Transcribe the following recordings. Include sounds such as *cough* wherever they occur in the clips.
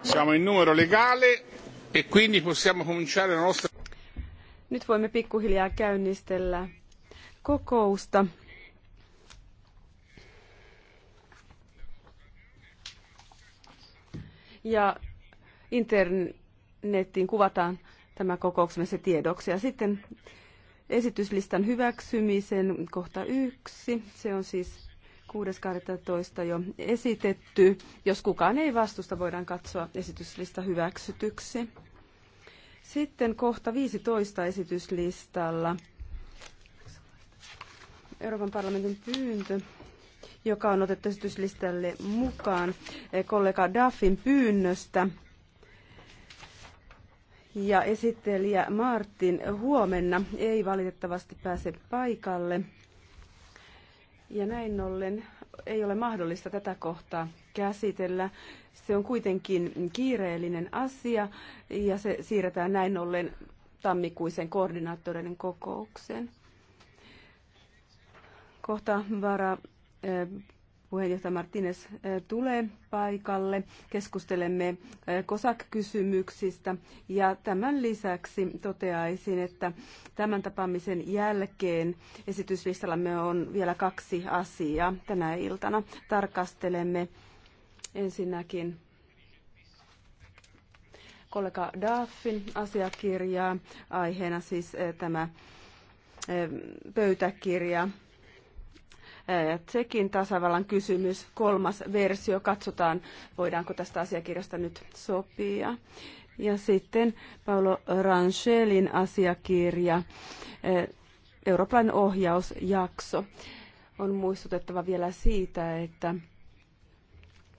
Siamo in numero legale e quindi possiamo cominciare la nostra... Nyt voimme pikkuhiljaa käynnistellä kokousta. Ja internettiin kuvataan tämä kokouksemme se tiedoksi. Ja sitten esityslistan hyväksymisen kohta yksi. Se on siis 6.12. jo esitetty. Jos kukaan ei vastusta, voidaan katsoa esityslista hyväksytyksi. Sitten kohta 15 esityslistalla. Euroopan parlamentin pyyntö, joka on otettu esityslistalle mukaan eh, kollega Daffin pyynnöstä. Ja esittelijä Martin huomenna ei valitettavasti pääse paikalle. Ja näin ollen ei ole mahdollista tätä kohtaa käsitellä. Se on kuitenkin kiireellinen asia ja se siirretään näin ollen tammikuisen koordinaattoreiden kokoukseen. Kohta vara eh, puheenjohtaja Martínez eh, tulee paikalle. Keskustelemme eh, COSAC-kysymyksistä ja tämän lisäksi toteaisin, että tämän tapaamisen jälkeen esityslistallamme on vielä kaksi asiaa tänä iltana. Tarkastelemme ensinnäkin kollega Daffin asiakirjaa, aiheena siis eh, tämä pöytäkirja Tsekin tasavallan kysymys, kolmas versio. Katsotaan, voidaanko tästä asiakirjasta nyt sopia. Ja sitten Paolo Ranchelin asiakirja, Euroopan ohjausjakso. On muistutettava vielä siitä, että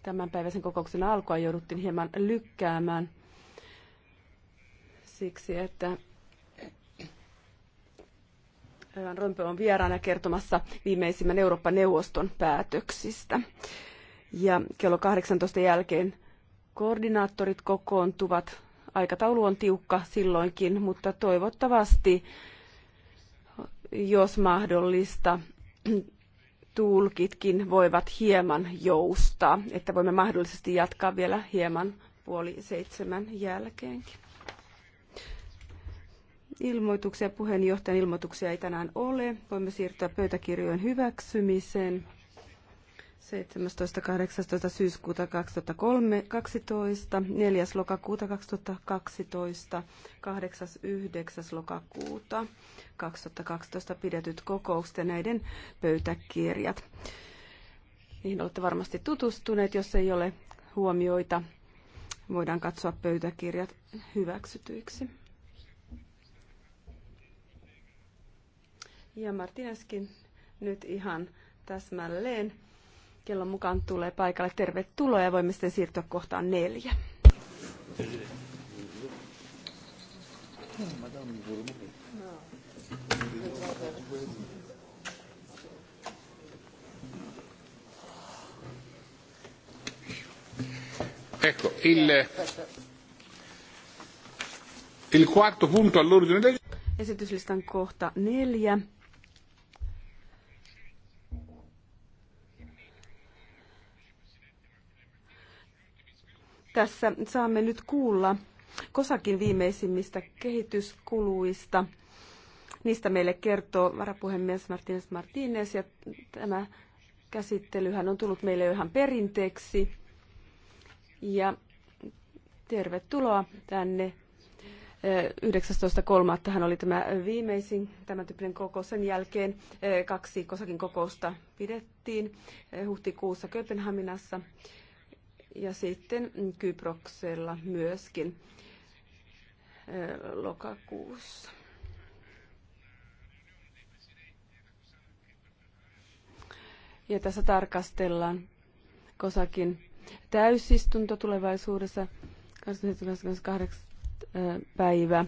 tämän päiväisen kokouksen alkua jouduttiin hieman lykkäämään siksi, että Van Rompuy on vieraana kertomassa viimeisimmän Eurooppa-neuvoston päätöksistä. Ja kello 18 jälkeen koordinaattorit kokoontuvat. Aikataulu on tiukka silloinkin, mutta toivottavasti, jos mahdollista, tulkitkin voivat hieman joustaa, että voimme mahdollisesti jatkaa vielä hieman puoli seitsemän jälkeenkin. Ilmoituksia, puheenjohtajan ilmoituksia ei tänään ole. Voimme siirtyä pöytäkirjojen hyväksymiseen. 17.18. syyskuuta 2012, 4. lokakuuta 2012, 8.9. lokakuuta 2012 pidetyt kokoukset ja näiden pöytäkirjat. Niihin olette varmasti tutustuneet, jos ei ole huomioita. Voidaan katsoa pöytäkirjat hyväksytyiksi. Ja Martineskin nyt ihan täsmälleen kellon mukaan tulee paikalle. Tervetuloa ja voimme sitten siirtyä kohtaan neljä. Ecco, il, il quarto punto all'ordine del... Esityslistan kohta neljä Tässä saamme nyt kuulla Kosakin viimeisimmistä kehityskuluista. Niistä meille kertoo varapuhemies Martínez Martínez ja tämä käsittelyhän on tullut meille ihan perinteeksi. Ja tervetuloa tänne. 19.3. hän oli tämä viimeisin tämän tyyppinen kokous. Sen jälkeen kaksi kosakin kokousta pidettiin huhtikuussa Kööpenhaminassa ja sitten Kyproksella myöskin lokakuussa. Ja tässä tarkastellaan Kosakin täysistunto tulevaisuudessa 28. päivä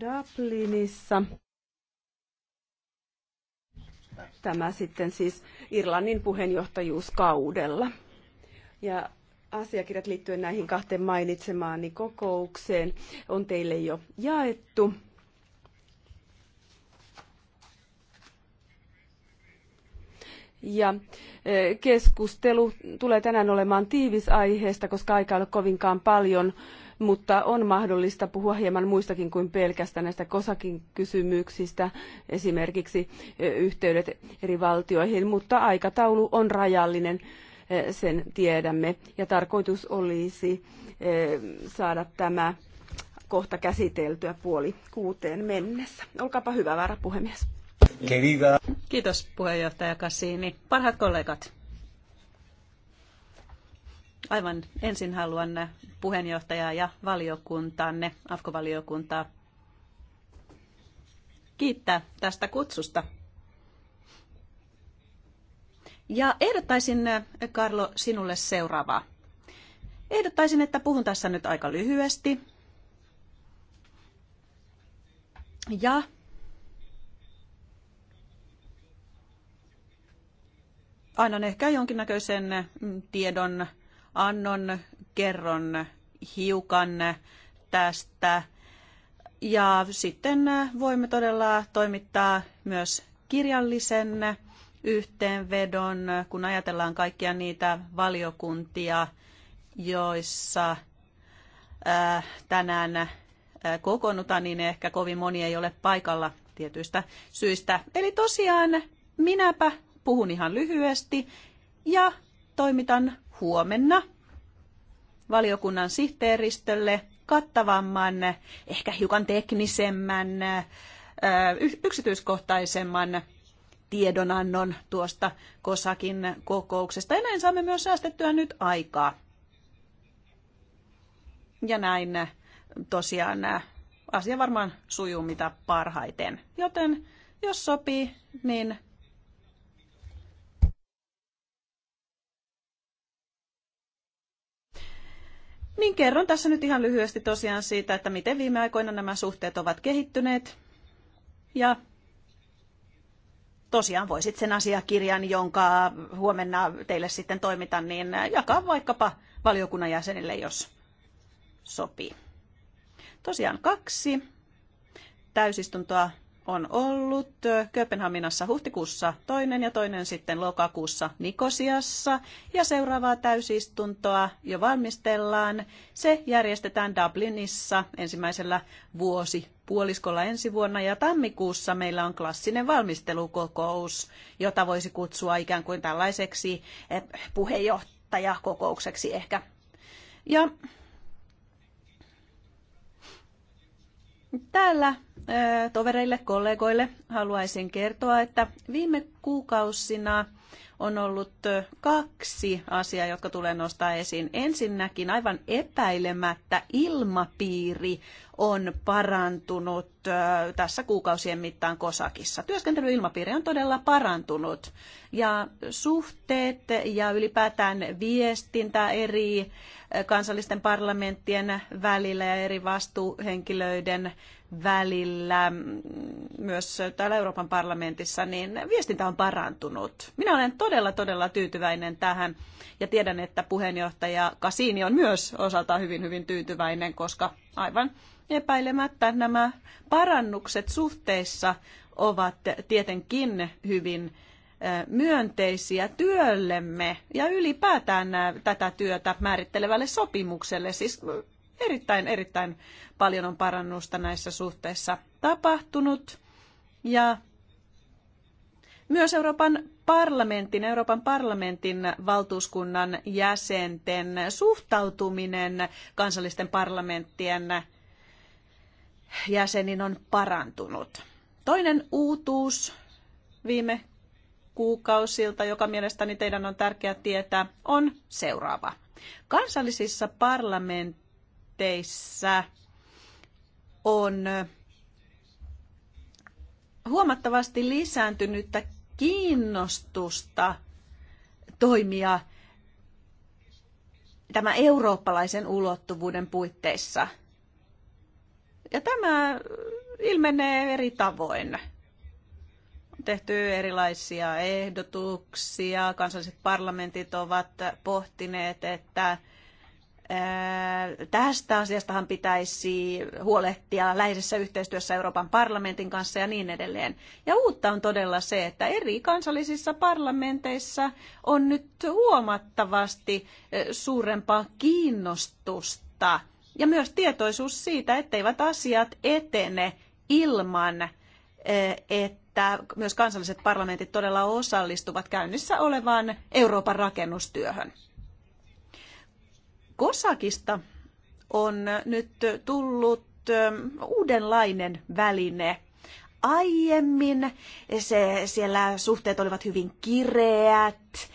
Dublinissa. Tämä sitten siis Irlannin puheenjohtajuuskaudella. Ja asiakirjat liittyen näihin kahteen mainitsemaani niin kokoukseen on teille jo jaettu. Ja e, keskustelu tulee tänään olemaan tiivis aiheesta, koska aika ei ole kovinkaan paljon, mutta on mahdollista puhua hieman muistakin kuin pelkästään näistä kosakin kysymyksistä, esimerkiksi e, yhteydet eri valtioihin, mutta aikataulu on rajallinen sen tiedämme. Ja tarkoitus olisi saada tämä kohta käsiteltyä puoli kuuteen mennessä. Olkaapa hyvä, varapuhemies. Querida. Kiitos puheenjohtaja Kassini. Parhaat kollegat. Aivan ensin haluan puheenjohtajaa ja valiokuntaanne, AFKO-valiokuntaa, kiittää tästä kutsusta ja ehdottaisin, äh, Karlo, sinulle seuraavaa. Ehdottaisin, että puhun tässä nyt aika lyhyesti. Ja annan ehkä jonkinnäköisen mm, tiedon annon, kerron hiukan tästä. Ja sitten äh, voimme todella toimittaa myös kirjallisen yhteenvedon, kun ajatellaan kaikkia niitä valiokuntia, joissa tänään kokoonnutaan, niin ehkä kovin moni ei ole paikalla tietyistä syistä. Eli tosiaan minäpä puhun ihan lyhyesti ja toimitan huomenna valiokunnan sihteeristölle kattavamman, ehkä hiukan teknisemmän, yksityiskohtaisemman tiedonannon tuosta Kosakin kokouksesta. Ja näin saamme myös säästettyä nyt aikaa. Ja näin äh, tosiaan äh, asia varmaan sujuu mitä parhaiten. Joten jos sopii, niin Niin kerron tässä nyt ihan lyhyesti tosiaan siitä, että miten viime aikoina nämä suhteet ovat kehittyneet. Ja tosiaan voisit sen asiakirjan, jonka huomenna teille sitten toimitan, niin jakaa vaikkapa valiokunnan jäsenille, jos sopii. Tosiaan kaksi täysistuntoa on ollut Kööpenhaminassa huhtikuussa toinen ja toinen sitten lokakuussa Nikosiassa ja seuraavaa täysistuntoa jo valmistellaan. Se järjestetään Dublinissa ensimmäisellä vuosi puoliskolla ensi vuonna ja tammikuussa meillä on klassinen valmistelukokous, jota voisi kutsua ikään kuin tällaiseksi puheenjohtajakokoukseksi ehkä. Ja täällä tovereille, kollegoille haluaisin kertoa, että viime kuukausina – on ollut kaksi asiaa, jotka tulee nostaa esiin. Ensinnäkin aivan epäilemättä ilmapiiri on parantunut tässä kuukausien mittaan Kosakissa. Työskentelyilmapiiri on todella parantunut ja suhteet ja ylipäätään viestintä eri kansallisten parlamenttien välillä ja eri vastuuhenkilöiden välillä myös täällä Euroopan parlamentissa, niin viestintä on parantunut. Minä olen todella, todella tyytyväinen tähän. Ja tiedän, että puheenjohtaja Kasini on myös osaltaan hyvin, hyvin tyytyväinen, koska aivan epäilemättä nämä parannukset suhteissa ovat tietenkin hyvin myönteisiä työllemme ja ylipäätään tätä työtä määrittelevälle sopimukselle. Siis erittäin, erittäin paljon on parannusta näissä suhteissa tapahtunut. Ja myös Euroopan parlamentin, Euroopan parlamentin valtuuskunnan jäsenten suhtautuminen kansallisten parlamenttien jäsenin on parantunut. Toinen uutuus viime kuukausilta, joka mielestäni teidän on tärkeää tietää, on seuraava. Kansallisissa parlamenteissa on huomattavasti lisääntynyttä kiinnostusta toimia tämä eurooppalaisen ulottuvuuden puitteissa. Ja tämä ilmenee eri tavoin. On tehty erilaisia ehdotuksia. Kansalliset parlamentit ovat pohtineet, että Tästä asiastahan pitäisi huolehtia läheisessä yhteistyössä Euroopan parlamentin kanssa ja niin edelleen. Ja uutta on todella se, että eri kansallisissa parlamenteissa on nyt huomattavasti suurempaa kiinnostusta ja myös tietoisuus siitä, etteivät asiat etene ilman, että myös kansalliset parlamentit todella osallistuvat käynnissä olevaan Euroopan rakennustyöhön. Kosakista on nyt tullut ähm, uudenlainen väline. Aiemmin se, siellä suhteet olivat hyvin kireät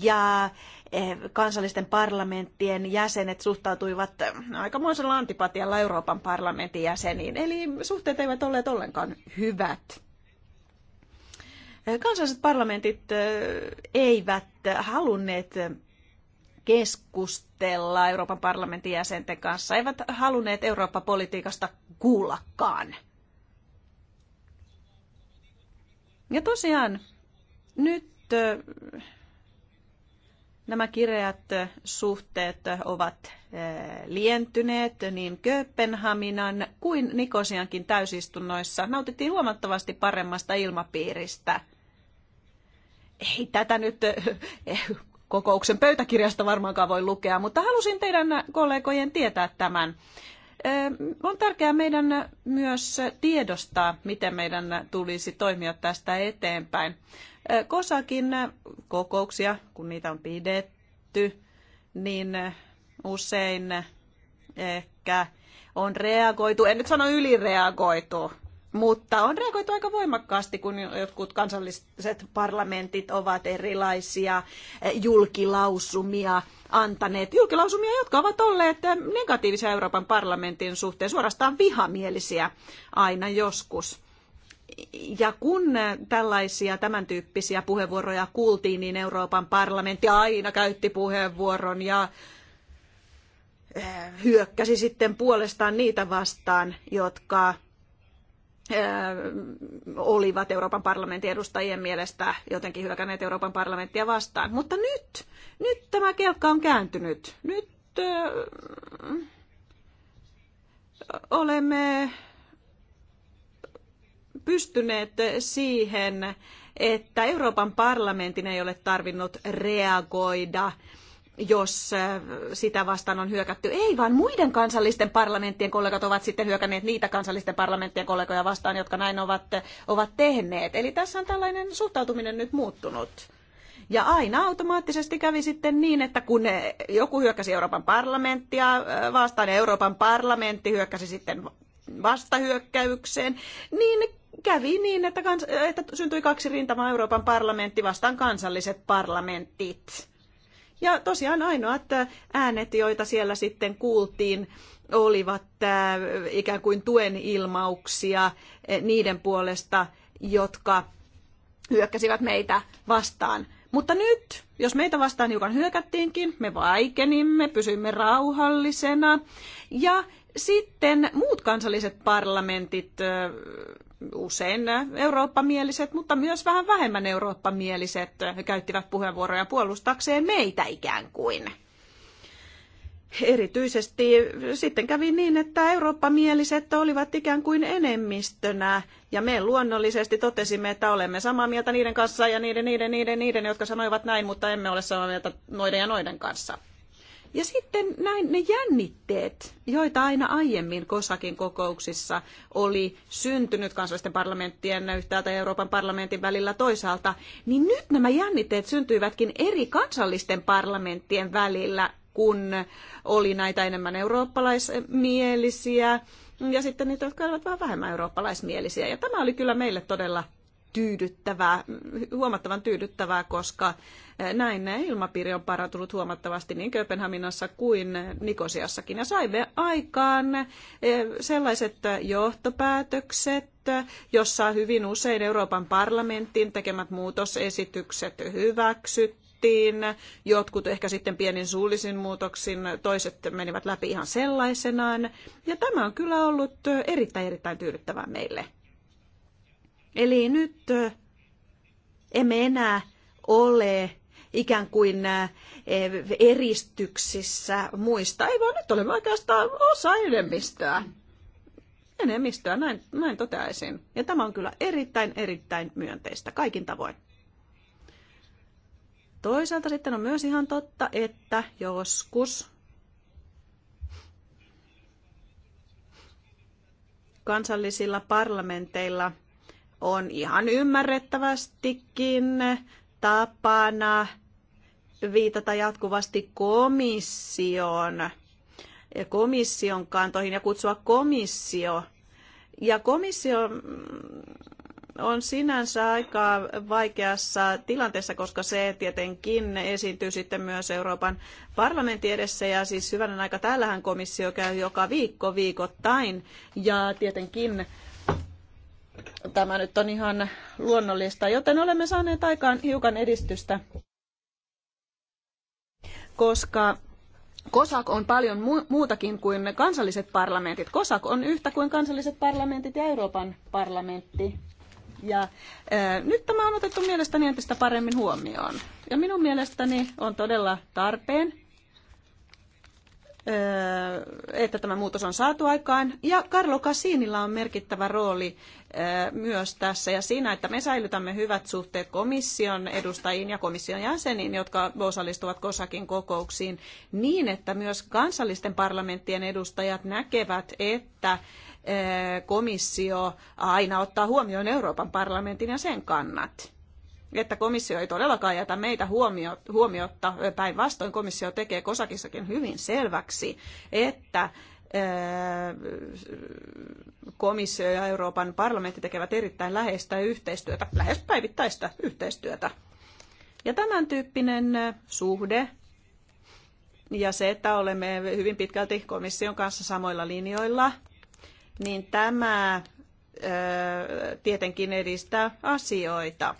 ja eh, kansallisten parlamenttien jäsenet suhtautuivat eh, aikamoisella antipatialla Euroopan parlamentin jäseniin. Eli suhteet eivät olleet ollenkaan hyvät. Eh, kansalliset parlamentit eivät halunneet keskustella Euroopan parlamentin jäsenten kanssa, eivät halunneet Eurooppa-politiikasta kuullakaan. Ja tosiaan nyt nämä kireät suhteet ovat lientyneet niin Kööpenhaminan kuin Nikosiankin täysistunnoissa. Nautittiin huomattavasti paremmasta ilmapiiristä. Ei tätä nyt kokouksen pöytäkirjasta varmaankaan voi lukea, mutta halusin teidän kollegojen tietää tämän. On tärkeää meidän myös tiedostaa, miten meidän tulisi toimia tästä eteenpäin. Kosakin kokouksia, kun niitä on pidetty, niin usein ehkä on reagoitu, en nyt sano ylireagoitu, mutta on reagoitu aika voimakkaasti, kun jotkut kansalliset parlamentit ovat erilaisia eh, julkilausumia antaneet. Julkilausumia, jotka ovat olleet eh, negatiivisia Euroopan parlamentin suhteen, suorastaan vihamielisiä aina joskus. Ja kun eh, tällaisia tämän tyyppisiä puheenvuoroja kuultiin, niin Euroopan parlamentti aina käytti puheenvuoron ja hyökkäsi sitten puolestaan niitä vastaan, jotka olivat Euroopan parlamentin edustajien mielestä jotenkin hyökänneet Euroopan parlamenttia vastaan. Mutta nyt, nyt tämä kelkka on kääntynyt. Nyt äh, olemme pystyneet siihen, että Euroopan parlamentin ei ole tarvinnut reagoida äh, jos äh, sitä vastaan on hyökätty. Ei, vaan muiden kansallisten parlamenttien kollegat ovat sitten hyökänneet niitä kansallisten parlamenttien kollegoja vastaan, jotka näin ovat, ovat tehneet. Eli tässä on tällainen suhtautuminen nyt muuttunut. Ja aina automaattisesti kävi sitten niin, että kun joku hyökkäsi Euroopan parlamenttia äh, vastaan ja Euroopan parlamentti hyökkäsi sitten vastahyökkäykseen, niin kävi niin, että, kans- että syntyi kaksi rintamaa Euroopan parlamentti vastaan kansalliset parlamentit. Ja tosiaan ainoat äh, äänet, joita siellä sitten kuultiin, olivat äh, ikään kuin tuen ilmauksia äh, niiden puolesta, jotka hyökkäsivät meitä vastaan. Mutta nyt, jos meitä vastaan hiukan hyökättiinkin, me vaikenimme, pysymme rauhallisena. Ja sitten muut kansalliset parlamentit usein eurooppamieliset, mutta myös vähän vähemmän eurooppamieliset käyttivät puheenvuoroja puolustakseen meitä ikään kuin. Erityisesti sitten kävi niin, että eurooppamieliset olivat ikään kuin enemmistönä ja me luonnollisesti totesimme, että olemme samaa mieltä niiden kanssa ja niiden, niiden, niiden, niiden, jotka sanoivat näin, mutta emme ole samaa mieltä noiden ja noiden kanssa. Ja sitten näin ne jännitteet, joita aina aiemmin Kosakin kokouksissa oli syntynyt kansallisten parlamenttien yhtäältä ja Euroopan parlamentin välillä toisaalta, niin nyt nämä jännitteet syntyivätkin eri kansallisten parlamenttien välillä, kun oli näitä enemmän eurooppalaismielisiä ja sitten niitä, jotka olivat vähän vähemmän eurooppalaismielisiä. Ja tämä oli kyllä meille todella tyydyttävää, huomattavan tyydyttävää, koska Eh, näin ilmapiiri on parantunut huomattavasti niin Kööpenhaminassa kuin Nikosiassakin. Ja saimme aikaan eh, sellaiset johtopäätökset, jossa hyvin usein Euroopan parlamentin tekemät muutosesitykset hyväksyttiin. jotkut ehkä sitten pienin suullisin muutoksin, toiset menivät läpi ihan sellaisenaan. Ja tämä on kyllä ollut erittäin erittäin tyydyttävää meille. Eli nyt eh, emme enää ole ikään kuin eristyksissä muista. Ei vaan nyt olemme oikeastaan osa enemmistöä. Enemmistöä, näin, näin toteaisin. Ja tämä on kyllä erittäin, erittäin myönteistä kaikin tavoin. Toisaalta sitten on myös ihan totta, että joskus kansallisilla parlamenteilla on ihan ymmärrettävästikin tapana viitata jatkuvasti komission, komission kantoihin ja kutsua komissio. Ja komissio on sinänsä aika vaikeassa tilanteessa, koska se tietenkin esiintyy sitten myös Euroopan parlamentin edessä. Ja siis hyvänä aika täällähän komissio käy joka viikko viikoittain. Ja tietenkin tämä nyt on ihan luonnollista, joten olemme saaneet aikaan hiukan edistystä koska COSAC on paljon muutakin kuin kansalliset parlamentit. COSAC on yhtä kuin kansalliset parlamentit ja Euroopan parlamentti. Ja ää, nyt tämä on otettu mielestäni entistä paremmin huomioon. Ja minun mielestäni on todella tarpeen että tämä muutos on saatu aikaan. Ja Carlo Casinilla on merkittävä rooli myös tässä ja siinä, että me säilytämme hyvät suhteet komission edustajiin ja komission jäseniin, jotka osallistuvat kosakin kokouksiin, niin että myös kansallisten parlamenttien edustajat näkevät, että komissio aina ottaa huomioon Euroopan parlamentin ja sen kannat että komissio ei todellakaan jätä meitä huomiotta. Päinvastoin komissio tekee kosakissakin hyvin selväksi, että komissio ja Euroopan parlamentti tekevät erittäin läheistä yhteistyötä, lähes päivittäistä yhteistyötä. Ja tämän tyyppinen suhde ja se, että olemme hyvin pitkälti komission kanssa samoilla linjoilla, niin tämä tietenkin edistää asioita.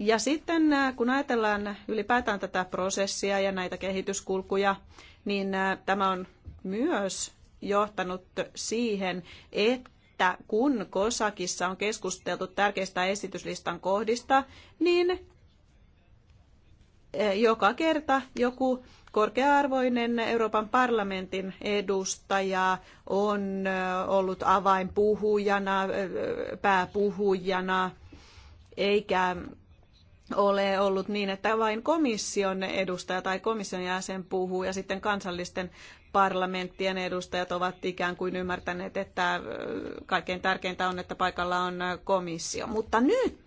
Ja sitten äh, kun ajatellaan ylipäätään tätä prosessia ja näitä kehityskulkuja, niin äh, tämä on myös johtanut siihen, että kun Kosakissa on keskusteltu tärkeistä esityslistan kohdista, niin äh, joka kerta joku korkea-arvoinen Euroopan parlamentin edustaja on ollut avainpuhujana, pääpuhujana, eikä ole ollut niin, että vain komission edustaja tai komission jäsen puhuu ja sitten kansallisten parlamenttien edustajat ovat ikään kuin ymmärtäneet, että kaikkein tärkeintä on, että paikalla on komissio. Mutta nyt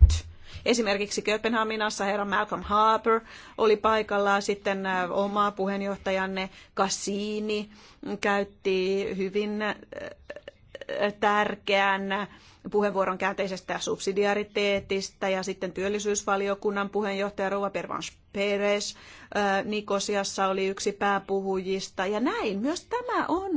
Esimerkiksi Kööpenhaminassa herra Malcolm Harper oli paikalla sitten oma puheenjohtajanne Cassini käytti hyvin tärkeän puheenvuoron käänteisestä subsidiariteetista ja sitten työllisyysvaliokunnan puheenjohtaja Rova Pervans Perez Nikosiassa oli yksi pääpuhujista ja näin. Myös tämä on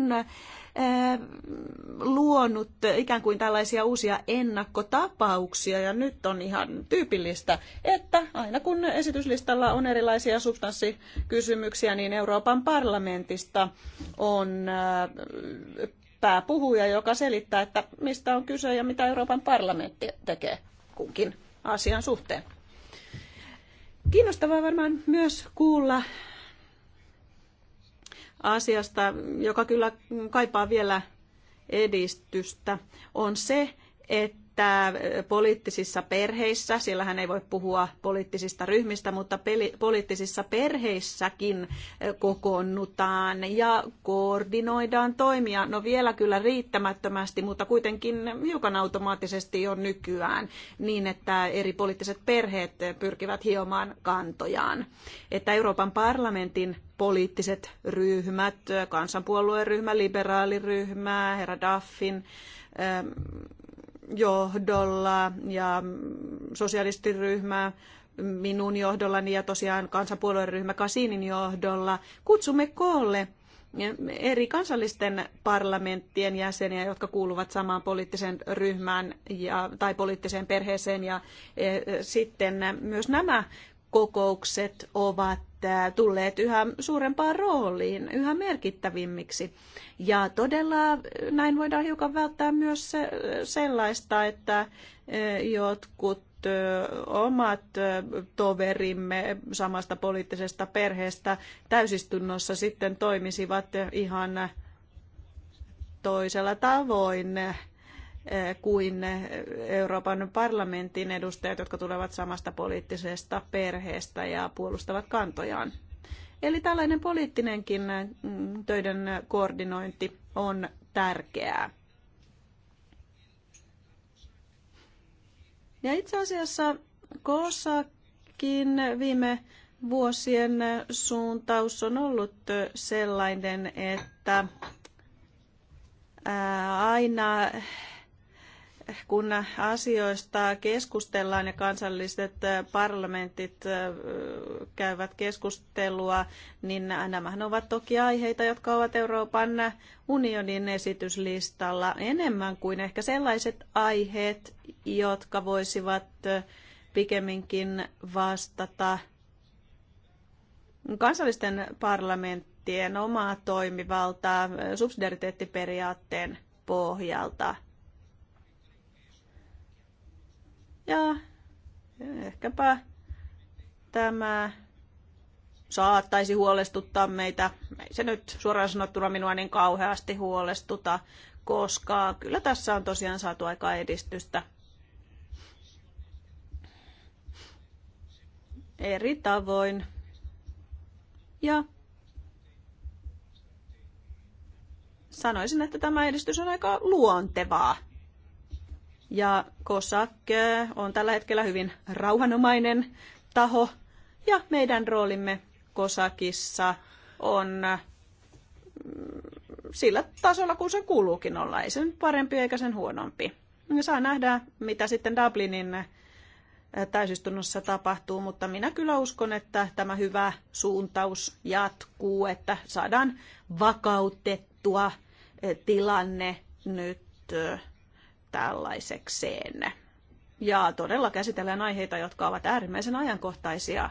luonut ikään kuin tällaisia uusia ennakkotapauksia ja nyt on ihan tyypillistä, että aina kun esityslistalla on erilaisia substanssikysymyksiä, niin Euroopan parlamentista on pääpuhuja, joka selittää, että mistä on kyse ja mitä Euroopan parlamentti tekee kunkin asian suhteen. Kiinnostavaa varmaan myös kuulla asiasta, joka kyllä kaipaa vielä edistystä, on se, että selittää eh, poliittisissa perheissä, hän ei voi puhua poliittisista ryhmistä, mutta peli, poliittisissa perheissäkin eh, kokoonnutaan ja koordinoidaan toimia. No vielä kyllä riittämättömästi, mutta kuitenkin hiukan automaattisesti jo nykyään niin, että eri poliittiset perheet eh, pyrkivät hiomaan kantojaan. Että Euroopan parlamentin poliittiset ryhmät, ryhmä, liberaaliryhmä, herra Daffin, johdolla ja sosialistiryhmä minun johdollani ja tosiaan kansanpuolueen ryhmä Kasinin johdolla kutsumme koolle eri kansallisten parlamenttien jäseniä, jotka kuuluvat samaan poliittiseen ryhmään ja, tai poliittiseen perheeseen. Ja e, sitten myös nämä kokoukset ovat Äh, tulleet yhä suurempaan rooliin, yhä merkittävimmiksi. Ja todella äh, näin voidaan hiukan välttää myös se, äh, sellaista, että jotkut omat toverimme samasta poliittisesta perheestä täysistunnossa sitten toimisivat ihan toisella tavoin Eh, kuin Euroopan parlamentin edustajat, jotka tulevat samasta poliittisesta perheestä ja puolustavat kantojaan. Eli tällainen poliittinenkin mm, töiden koordinointi on tärkeää. Ja itse asiassa Kossakin viime vuosien suuntaus on ollut sellainen, että aina kun asioista keskustellaan ja kansalliset parlamentit käyvät keskustelua, niin nämähän ovat toki aiheita, jotka ovat Euroopan unionin esityslistalla enemmän kuin ehkä sellaiset aiheet, jotka voisivat pikemminkin vastata kansallisten parlamenttien omaa toimivaltaa subsidiariteettiperiaatteen pohjalta – Ja ehkäpä tämä saattaisi huolestuttaa meitä. Ei se nyt suoraan sanottuna minua niin kauheasti huolestuta, koska kyllä tässä on tosiaan saatu aika edistystä eri tavoin. Ja sanoisin, että tämä edistys on aika luontevaa. Ja COSAC eh, on tällä hetkellä hyvin rauhanomainen taho ja meidän roolimme COSACissa on mm, sillä tasolla, kun se kuuluukin olla. Ei sen parempi eikä sen huonompi. Ja saa nähdä, mitä sitten Dublinin eh, täysistunnossa tapahtuu, mutta minä kyllä uskon, että tämä hyvä suuntaus jatkuu, että saadaan vakautettua eh, tilanne nyt tällaisekseen. Ja todella käsitellään aiheita, jotka ovat äärimmäisen ajankohtaisia.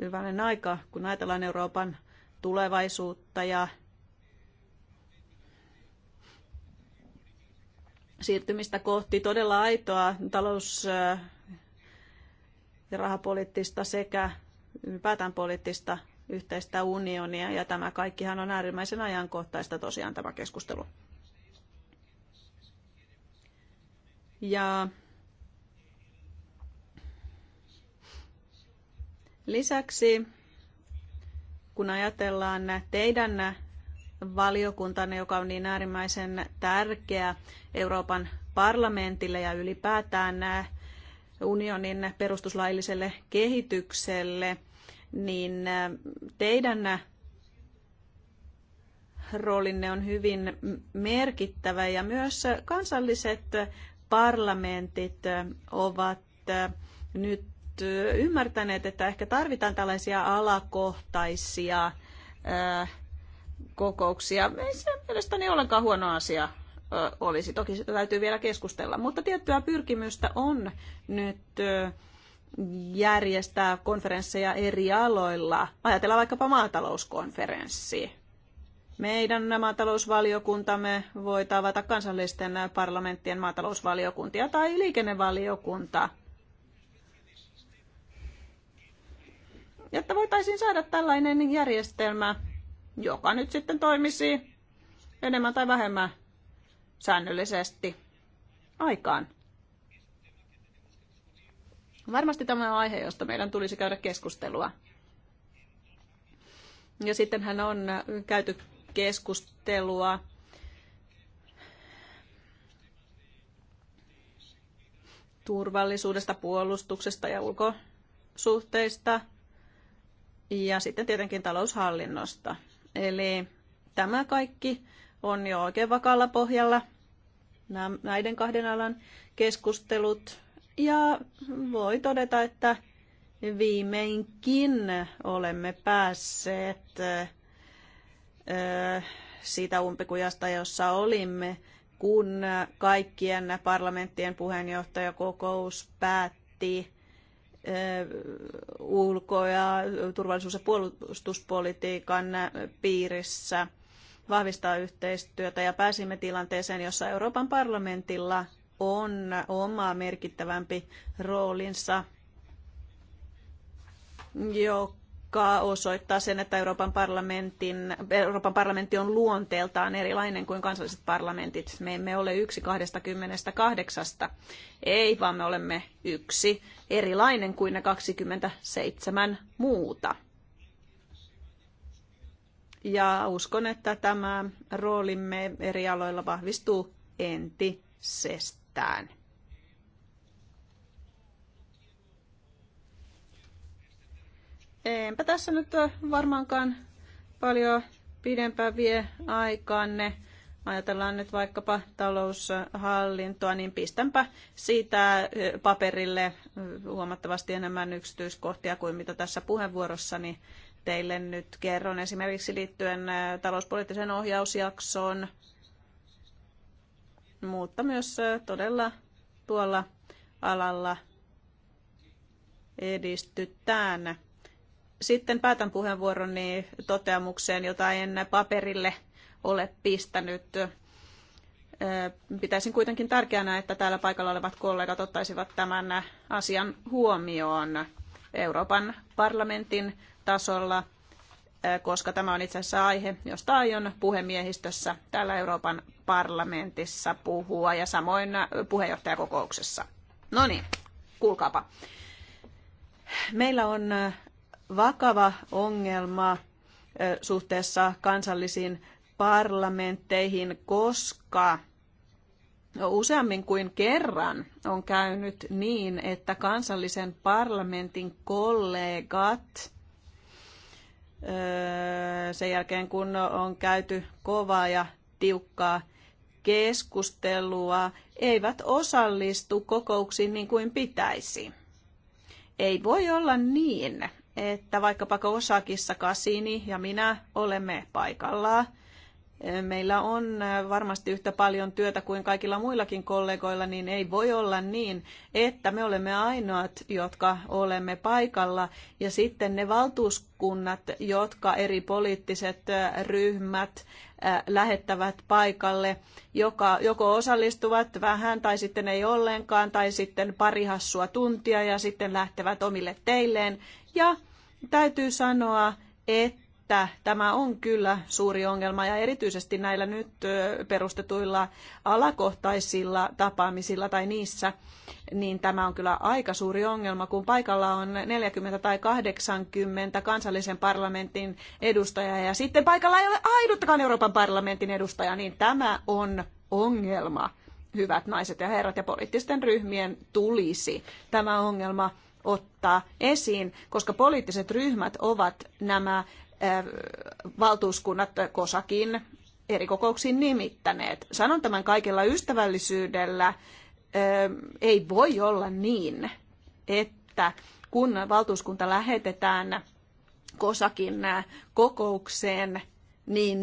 Hyvänen aika, kun ajatellaan Euroopan tulevaisuutta ja siirtymistä kohti todella aitoa talous- ja rahapoliittista sekä ylipäätään poliittista yhteistä unionia. Ja tämä kaikkihan on äärimmäisen ajankohtaista tosiaan tämä keskustelu. Ja lisäksi, kun ajatellaan teidän valiokuntanne, joka on niin äärimmäisen tärkeä Euroopan parlamentille ja ylipäätään unionin perustuslailliselle kehitykselle, niin teidän roolinne on hyvin merkittävä ja myös kansalliset parlamentit ovat nyt ymmärtäneet, että ehkä tarvitaan tällaisia alakohtaisia kokouksia. Ei se mielestäni ollenkaan huono asia olisi. Toki sitä täytyy vielä keskustella, mutta tiettyä pyrkimystä on nyt järjestää konferensseja eri aloilla. Ajatellaan vaikkapa maatalouskonferenssi meidän maatalousvaliokuntamme voi tavata kansallisten parlamenttien maatalousvaliokuntia tai liikennevaliokuntaa. Että voitaisiin saada tällainen järjestelmä, joka nyt sitten toimisi enemmän tai vähemmän säännöllisesti aikaan. Varmasti tämä on aihe, josta meidän tulisi käydä keskustelua. Ja sittenhän on käyty keskustelua. turvallisuudesta, puolustuksesta ja ulkosuhteista ja sitten tietenkin taloushallinnosta. Eli tämä kaikki on jo oikein vakalla pohjalla, näiden kahden alan keskustelut. Ja voi todeta, että viimeinkin olemme päässeet siitä umpikujasta, jossa olimme, kun kaikkien parlamenttien puheenjohtajakokous päätti ulko- ja turvallisuus- ja puolustuspolitiikan piirissä vahvistaa yhteistyötä ja pääsimme tilanteeseen, jossa Euroopan parlamentilla on oma merkittävämpi roolinsa, joka joka osoittaa sen, että Euroopan, parlamentin, Euroopan parlamentti on luonteeltaan erilainen kuin kansalliset parlamentit. Me emme ole yksi 28. Ei, vaan me olemme yksi erilainen kuin ne 27 muuta. Ja uskon, että tämä roolimme eri aloilla vahvistuu entisestään. Enpä tässä nyt varmaankaan paljon pidempään vie aikaanne. Ajatellaan nyt vaikkapa taloushallintoa, niin pistänpä siitä paperille huomattavasti enemmän yksityiskohtia kuin mitä tässä puheenvuorossani teille nyt kerron. Esimerkiksi liittyen talouspoliittisen ohjausjaksoon, mutta myös todella tuolla alalla edistytään sitten päätän puheenvuoroni toteamukseen, jota en paperille ole pistänyt. Pitäisin kuitenkin tärkeänä, että täällä paikalla olevat kollegat ottaisivat tämän asian huomioon Euroopan parlamentin tasolla, koska tämä on itse asiassa aihe, josta aion puhemiehistössä täällä Euroopan parlamentissa puhua ja samoin puheenjohtajakokouksessa. No niin, kuulkaapa. Meillä on vakava ongelma suhteessa kansallisiin parlamentteihin, koska useammin kuin kerran on käynyt niin, että kansallisen parlamentin kollegat sen jälkeen, kun on käyty kovaa ja tiukkaa keskustelua, eivät osallistu kokouksiin niin kuin pitäisi. Ei voi olla niin, että vaikkapa Osakissa Kasini ja minä olemme paikallaan. Meillä on varmasti yhtä paljon työtä kuin kaikilla muillakin kollegoilla, niin ei voi olla niin, että me olemme ainoat, jotka olemme paikalla. Ja sitten ne valtuuskunnat, jotka eri poliittiset ryhmät lähettävät paikalle, joka, joko osallistuvat vähän tai sitten ei ollenkaan, tai sitten pari hassua tuntia ja sitten lähtevät omille teilleen. Ja täytyy sanoa, että tämä on kyllä suuri ongelma ja erityisesti näillä nyt perustetuilla alakohtaisilla tapaamisilla tai niissä, niin tämä on kyllä aika suuri ongelma, kun paikalla on 40 tai 80 kansallisen parlamentin edustajaa ja sitten paikalla ei ole ainuttakaan Euroopan parlamentin edustajaa, niin tämä on ongelma hyvät naiset ja herrat ja poliittisten ryhmien tulisi tämä ongelma ottaa esiin, koska poliittiset ryhmät ovat nämä äh, valtuuskunnat kosakin eri kokouksiin nimittäneet. Sanon tämän kaikella ystävällisyydellä, äh, ei voi olla niin, että kun valtuuskunta lähetetään kosakin äh, kokoukseen, niin,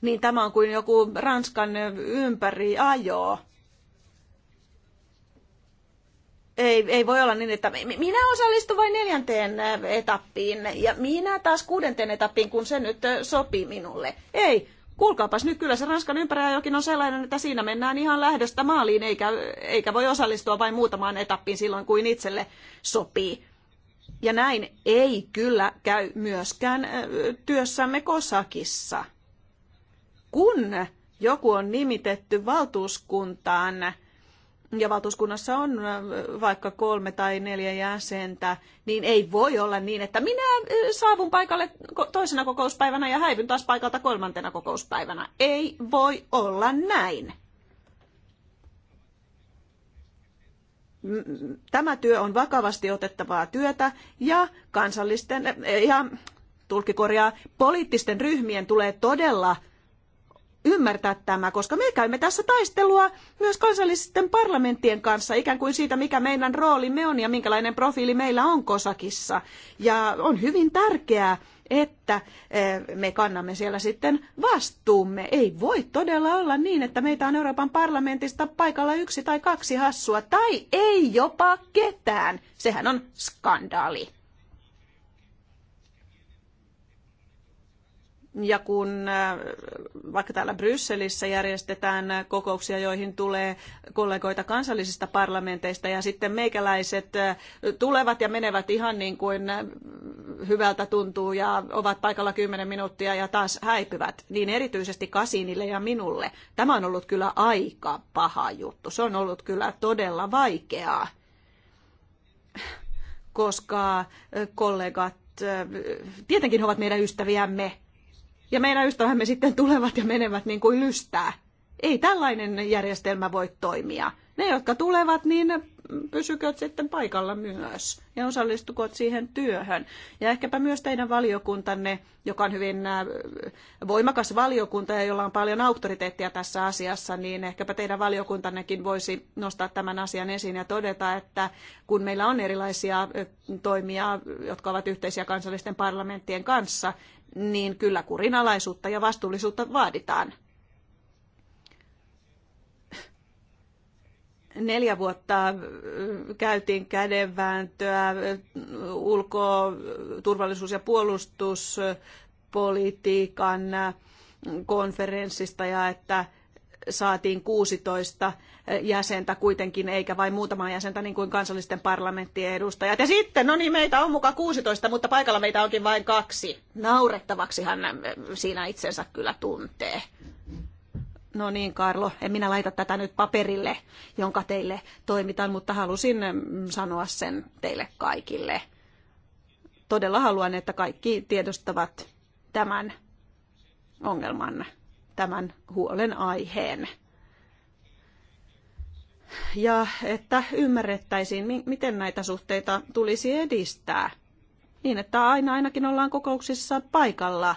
niin tämä on kuin joku Ranskan ympäri ajoo ei, ei voi olla niin, että minä osallistun vain neljänteen etappiin ja minä taas kuudenteen etappiin, kun se nyt sopii minulle. Ei, kuulkaapas nyt kyllä se Ranskan ympäräjokin on sellainen, että siinä mennään ihan lähdöstä maaliin, eikä, eikä voi osallistua vain muutamaan etappiin silloin, kuin itselle sopii. Ja näin ei kyllä käy myöskään työssämme kosakissa. Kun joku on nimitetty valtuuskuntaan, ja valtuuskunnassa on vaikka kolme tai neljä jäsentä, niin ei voi olla niin, että minä saavun paikalle toisena kokouspäivänä ja häivyn taas paikalta kolmantena kokouspäivänä. Ei voi olla näin. Tämä työ on vakavasti otettavaa työtä ja kansallisten ja tulkikorjaa poliittisten ryhmien tulee todella ymmärtää tämä, koska me käymme tässä taistelua myös kansallisten parlamenttien kanssa, ikään kuin siitä, mikä meidän roolimme on ja minkälainen profiili meillä on Kosakissa. Ja on hyvin tärkeää, että eh, me kannamme siellä sitten vastuumme. Ei voi todella olla niin, että meitä on Euroopan parlamentista paikalla yksi tai kaksi hassua, tai ei jopa ketään. Sehän on skandaali. Ja kun äh, vaikka täällä Brysselissä järjestetään kokouksia, joihin tulee kollegoita kansallisista parlamenteista ja sitten meikäläiset äh, tulevat ja menevät ihan niin kuin äh, hyvältä tuntuu ja ovat paikalla 10 minuuttia ja taas häipyvät, niin erityisesti Kasinille ja minulle. Tämä on ollut kyllä aika paha juttu. Se on ollut kyllä todella vaikeaa, koska kollegat, tietenkin he ovat meidän ystäviämme, ja meidän ystävämme sitten tulevat ja menevät niin kuin lystää. Ei tällainen järjestelmä voi toimia. Ne, jotka tulevat, niin pysykööt sitten paikalla myös ja osallistukoot siihen työhön. Ja ehkäpä myös teidän valiokuntanne, joka on hyvin äh, voimakas valiokunta ja jolla on paljon auktoriteettia tässä asiassa, niin ehkäpä teidän valiokuntannekin voisi nostaa tämän asian esiin ja todeta, että kun meillä on erilaisia toimia, jotka ovat yhteisiä kansallisten parlamenttien kanssa, niin kyllä kurinalaisuutta ja vastuullisuutta vaaditaan neljä vuotta äh, käytiin kädenvääntöä äh, ulko-, turvallisuus- ja puolustuspolitiikan äh, konferenssista ja että saatiin 16 jäsentä kuitenkin, eikä vain muutama jäsentä, niin kuin kansallisten parlamenttien edustajat. Ja sitten, no niin, meitä on mukaan 16, mutta paikalla meitä onkin vain kaksi. Naurettavaksi hän siinä itsensä kyllä tuntee. No niin, Karlo, en minä laita tätä nyt paperille, jonka teille toimitan, mutta halusin mm, sanoa sen teille kaikille. Todella haluan, että kaikki tiedostavat tämän ongelman, tämän huolen aiheen. Ja että ymmärrettäisiin, miten näitä suhteita tulisi edistää. Niin, että aina ainakin ollaan kokouksissa paikalla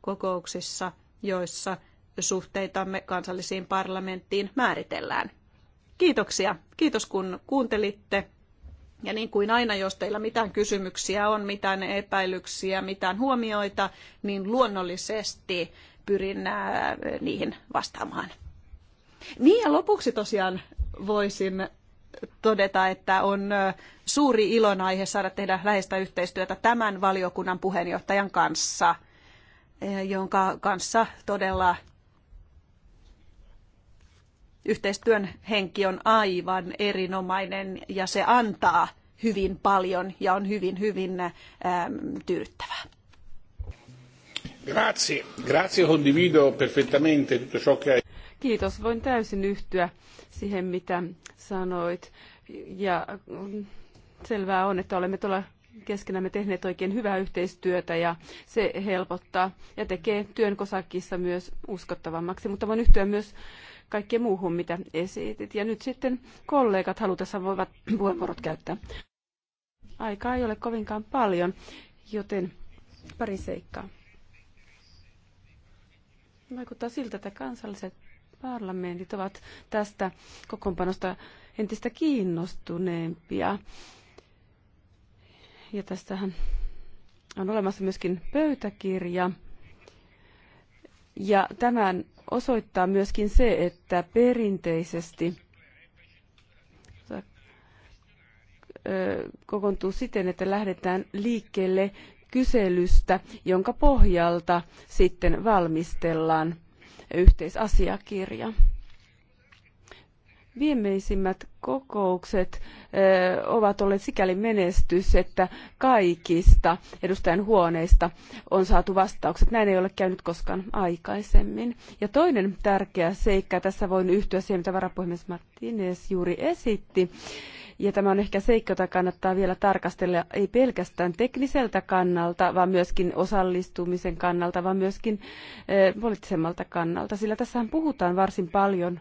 kokouksissa, joissa suhteitamme kansallisiin parlamenttiin määritellään. Kiitoksia. Kiitos kun kuuntelitte. Ja niin kuin aina, jos teillä mitään kysymyksiä on, mitään epäilyksiä, mitään huomioita, niin luonnollisesti pyrin äh, niihin vastaamaan. Niin ja lopuksi tosiaan voisin todeta, että on äh, suuri ilon aihe saada tehdä läheistä yhteistyötä tämän valiokunnan puheenjohtajan kanssa, äh, jonka kanssa todella yhteistyön henki on aivan erinomainen ja se antaa hyvin paljon ja on hyvin, hyvin ähm, tyydyttävää. Grazie, grazie condivido perfettamente tutto ciò che Kiitos, voin täysin yhtyä siihen, mitä sanoit. Ja mm, selvää on, että olemme tuolla keskenämme tehneet oikein hyvää yhteistyötä ja se helpottaa ja tekee työn kosakissa myös uskottavammaksi. Mutta voin yhtyä myös kaikkeen muuhun, mitä esitit. Ja nyt sitten kollegat halutessa voivat puheenvuorot käyttää. Aikaa ei ole kovinkaan paljon, joten pari seikkaa. Vaikuttaa siltä, että kansalliset parlamentit ovat tästä kokoonpanosta entistä kiinnostuneempia. Ja tästähän on olemassa myöskin pöytäkirja ja tämän osoittaa myöskin se, että perinteisesti kokoontuu siten, että lähdetään liikkeelle kyselystä, jonka pohjalta sitten valmistellaan yhteisasiakirja. Viimeisimmät kokoukset ö, eh, ovat olleet sikäli menestys, että kaikista edustajan huoneista on saatu vastaukset. Näin ei ole käynyt koskaan aikaisemmin. Ja toinen tärkeä seikka, tässä voin yhtyä siihen, mitä varapuhemies Martinez juuri esitti, ja tämä on ehkä seikka, jota kannattaa vielä tarkastella ei pelkästään tekniseltä kannalta, vaan myöskin osallistumisen kannalta, vaan myöskin ö, eh, poliittisemmalta kannalta, sillä tässä puhutaan varsin paljon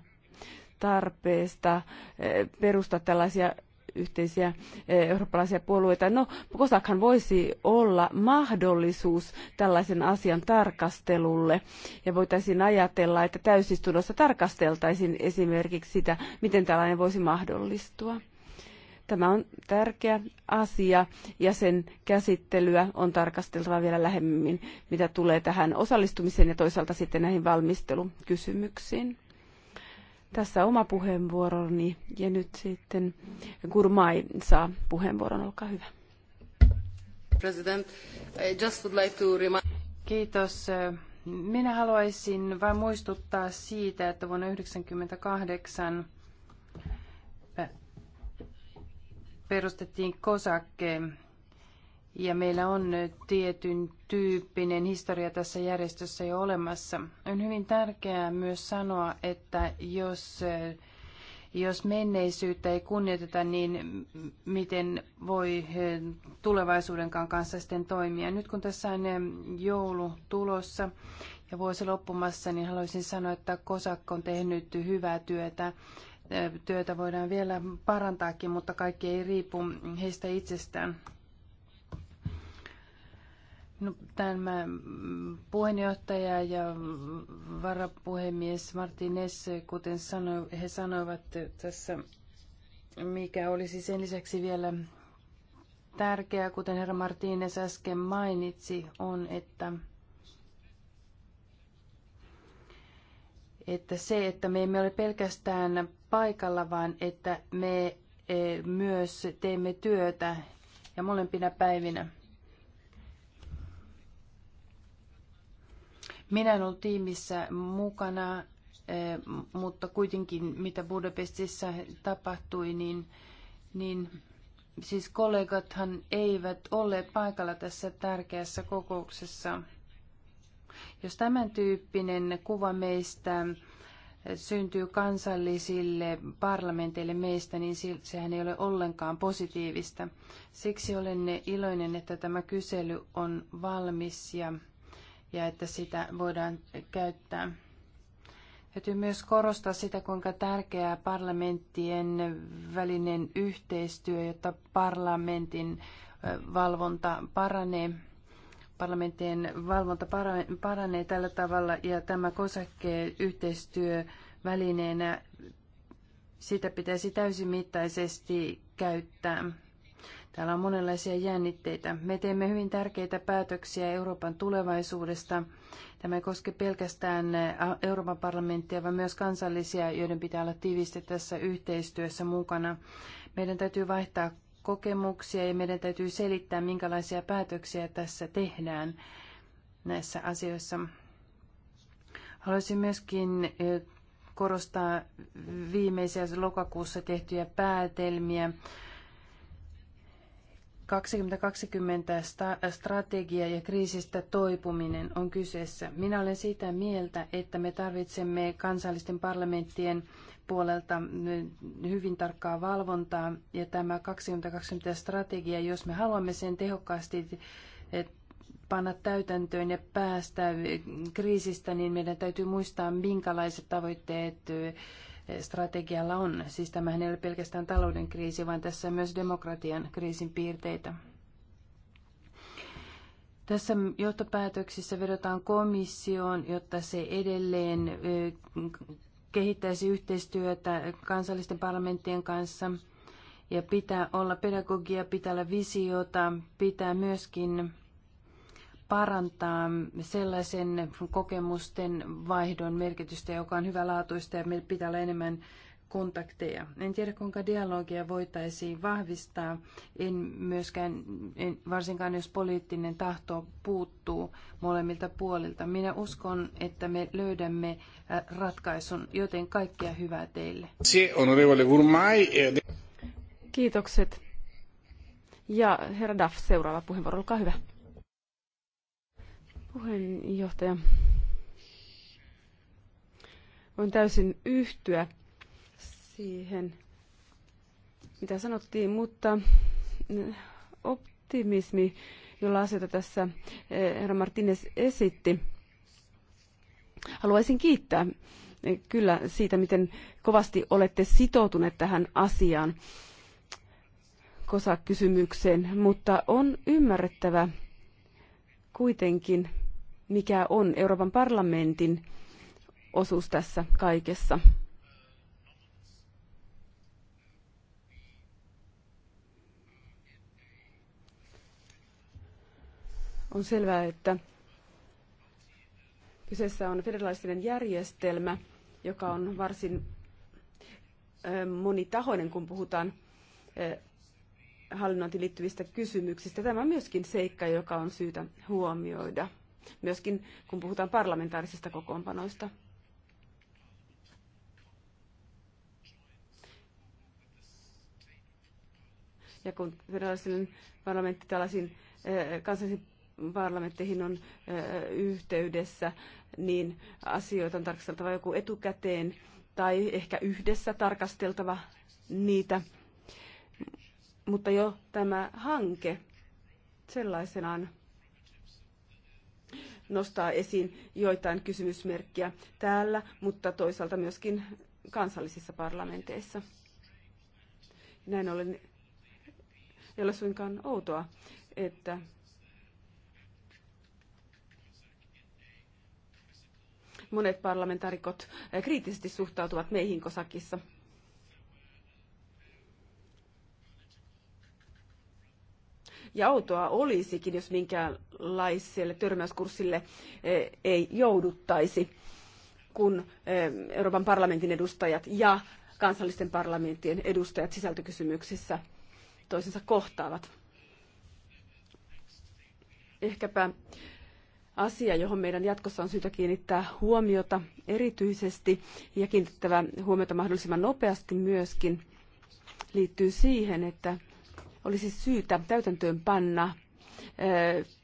tarpeesta eh, perustaa tällaisia yhteisiä eh, eurooppalaisia puolueita. No, Kosakhan voisi olla mahdollisuus tällaisen asian tarkastelulle ja voitaisiin ajatella, että täysistunnossa tarkasteltaisiin esimerkiksi sitä, miten tällainen voisi mahdollistua. Tämä on tärkeä asia ja sen käsittelyä on tarkasteltava vielä lähemmin, mitä tulee tähän osallistumiseen ja toisaalta sitten näihin valmistelukysymyksiin. Tässä oma puheenvuoroni ja nyt sitten Gurmai saa puheenvuoron, olkaa hyvä. President, I just would like to remind... Kiitos. Minä haluaisin vain muistuttaa siitä, että vuonna 1998 perustettiin COSAC, ja meillä on tietyn tyyppinen historia tässä järjestössä jo olemassa. On hyvin tärkeää myös sanoa, että jos, jos menneisyyttä ei kunnioiteta, niin miten voi tulevaisuudenkaan kanssa sitten toimia. Nyt kun tässä on joulu tulossa ja vuosi loppumassa, niin haluaisin sanoa, että Kosakko on tehnyt hyvää työtä työtä voidaan vielä parantaakin, mutta kaikki ei riipu heistä itsestään. No, tämä mm, puheenjohtaja ja varapuhemies Martinez, kuten sanoi, he sanoivat tässä, mikä olisi sen lisäksi vielä tärkeää, kuten herra Martinez äsken mainitsi, on, että, että se, että me emme ole pelkästään paikalla, vaan että me eh, myös teemme työtä ja molempina päivinä. Minä en ollut tiimissä mukana, eh, mutta kuitenkin mitä Budapestissa tapahtui, niin, niin siis kollegathan eivät ole paikalla tässä tärkeässä kokouksessa. Jos tämän tyyppinen kuva meistä syntyy kansallisille parlamenteille meistä, niin sehän ei ole ollenkaan positiivista. Siksi olen iloinen, että tämä kysely on valmis ja ja että sitä voidaan käyttää. Täytyy myös korostaa sitä, kuinka tärkeää parlamenttien välinen yhteistyö, jotta parlamentin valvonta paranee. Parlamenttien valvonta paranee tällä tavalla ja tämä kosakkeen yhteistyö välineenä sitä pitäisi täysimittaisesti käyttää. Täällä on monenlaisia jännitteitä. Me teemme hyvin tärkeitä päätöksiä Euroopan tulevaisuudesta. Tämä ei koske pelkästään Euroopan parlamenttia, vaan myös kansallisia, joiden pitää olla tiivisti tässä yhteistyössä mukana. Meidän täytyy vaihtaa kokemuksia ja meidän täytyy selittää, minkälaisia päätöksiä tässä tehdään näissä asioissa. Haluaisin myöskin korostaa viimeisiä lokakuussa tehtyjä päätelmiä 2020 strategia ja kriisistä toipuminen on kyseessä. Minä olen sitä mieltä, että me tarvitsemme kansallisten parlamenttien puolelta hyvin tarkkaa valvontaa ja tämä 2020 strategia, jos me haluamme sen tehokkaasti panna täytäntöön ja päästä kriisistä, niin meidän täytyy muistaa, minkälaiset tavoitteet strategialla on. Siis tämähän ei ole pelkästään talouden kriisi, vaan tässä on myös demokratian kriisin piirteitä. Tässä johtopäätöksissä vedotaan komissioon, jotta se edelleen kehittäisi yhteistyötä kansallisten parlamenttien kanssa ja pitää olla pedagogia, pitää olla visiota, pitää myöskin parantaa sellaisen kokemusten vaihdon merkitystä, joka on hyvälaatuista ja meillä pitää olla enemmän kontakteja. En tiedä, kuinka dialogia voitaisiin vahvistaa, en myöskään, en, varsinkaan jos poliittinen tahto puuttuu molemmilta puolilta. Minä uskon, että me löydämme äh, ratkaisun, joten kaikkea hyvää teille. E- Kiitokset. Ja herra Daff, seuraava puheenvuoro, olkaa hyvä. Puheenjohtaja, voin täysin yhtyä siihen, mitä sanottiin, mutta mm, optimismi, jolla asioita tässä eh, herra Martinez esitti, haluaisin kiittää eh, kyllä siitä, miten kovasti olette sitoutuneet tähän asiaan kosakysymykseen, mutta on ymmärrettävä kuitenkin, mikä on Euroopan parlamentin osuus tässä kaikessa. On selvää, että kyseessä on federalistinen järjestelmä, joka on varsin monitahoinen, kun puhutaan hallinnointiin liittyvistä kysymyksistä. Tämä on myöskin seikka, joka on syytä huomioida myöskin kun puhutaan parlamentaarisista kokoonpanoista. Ja kun federaalinen parlamentti tällaisiin eh, kansallisiin parlamentteihin on eh, yhteydessä, niin asioita on tarkasteltava joku etukäteen tai ehkä yhdessä tarkasteltava niitä. Mutta jo tämä hanke sellaisenaan nostaa esiin joitain kysymysmerkkiä täällä, mutta toisaalta myöskin kansallisissa parlamenteissa. Näin ollen ei ole suinkaan outoa, että monet parlamentaarikot kriittisesti suhtautuvat meihin kosakissa – Ja outoa olisikin, jos minkäänlaiselle törmäyskurssille eh, ei jouduttaisi, kun eh, Euroopan parlamentin edustajat ja kansallisten parlamenttien edustajat sisältökysymyksissä toisensa kohtaavat. Ehkäpä asia, johon meidän jatkossa on syytä kiinnittää huomiota erityisesti ja kiinnittävä huomiota mahdollisimman nopeasti myöskin, liittyy siihen, että olisi syytä täytäntöön panna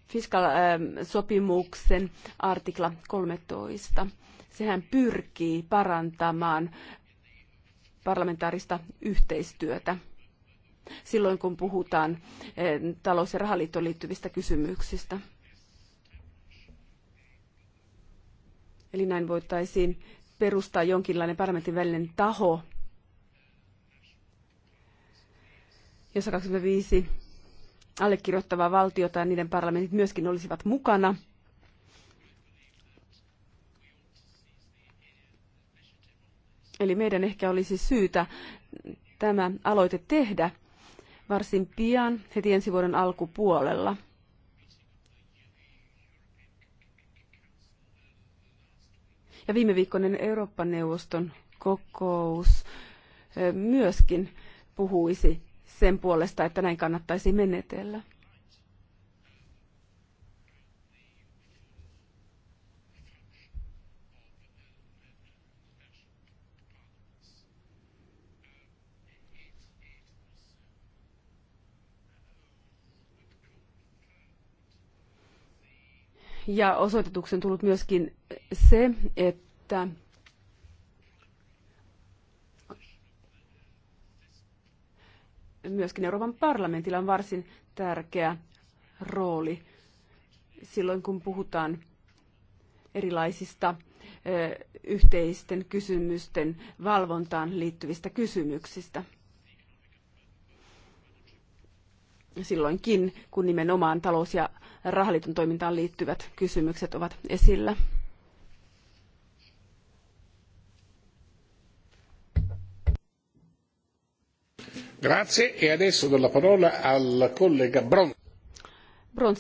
fiskal-sopimuksen artikla 13. Sehän pyrkii parantamaan parlamentaarista yhteistyötä silloin, kun puhutaan talous- ja rahaliittoon liittyvistä kysymyksistä. Eli näin voitaisiin perustaa jonkinlainen parlamentin välinen taho, jossa 25 allekirjoittavaa valtiota ja niiden parlamentit myöskin olisivat mukana. Eli meidän ehkä olisi syytä tämä aloite tehdä varsin pian, heti ensi vuoden alkupuolella. Ja viime viikkoinen Eurooppa-neuvoston kokous myöskin puhuisi sen puolesta, että näin kannattaisi menetellä. Ja osoitetuksen tullut myöskin se, että myöskin Euroopan parlamentilla on varsin tärkeä rooli silloin, kun puhutaan erilaisista yhteisten kysymysten valvontaan liittyvistä kysymyksistä. Silloinkin, kun nimenomaan talous- ja rahaliiton toimintaan liittyvät kysymykset ovat esillä. Grazie e adesso do la parola al collega Bron. Bron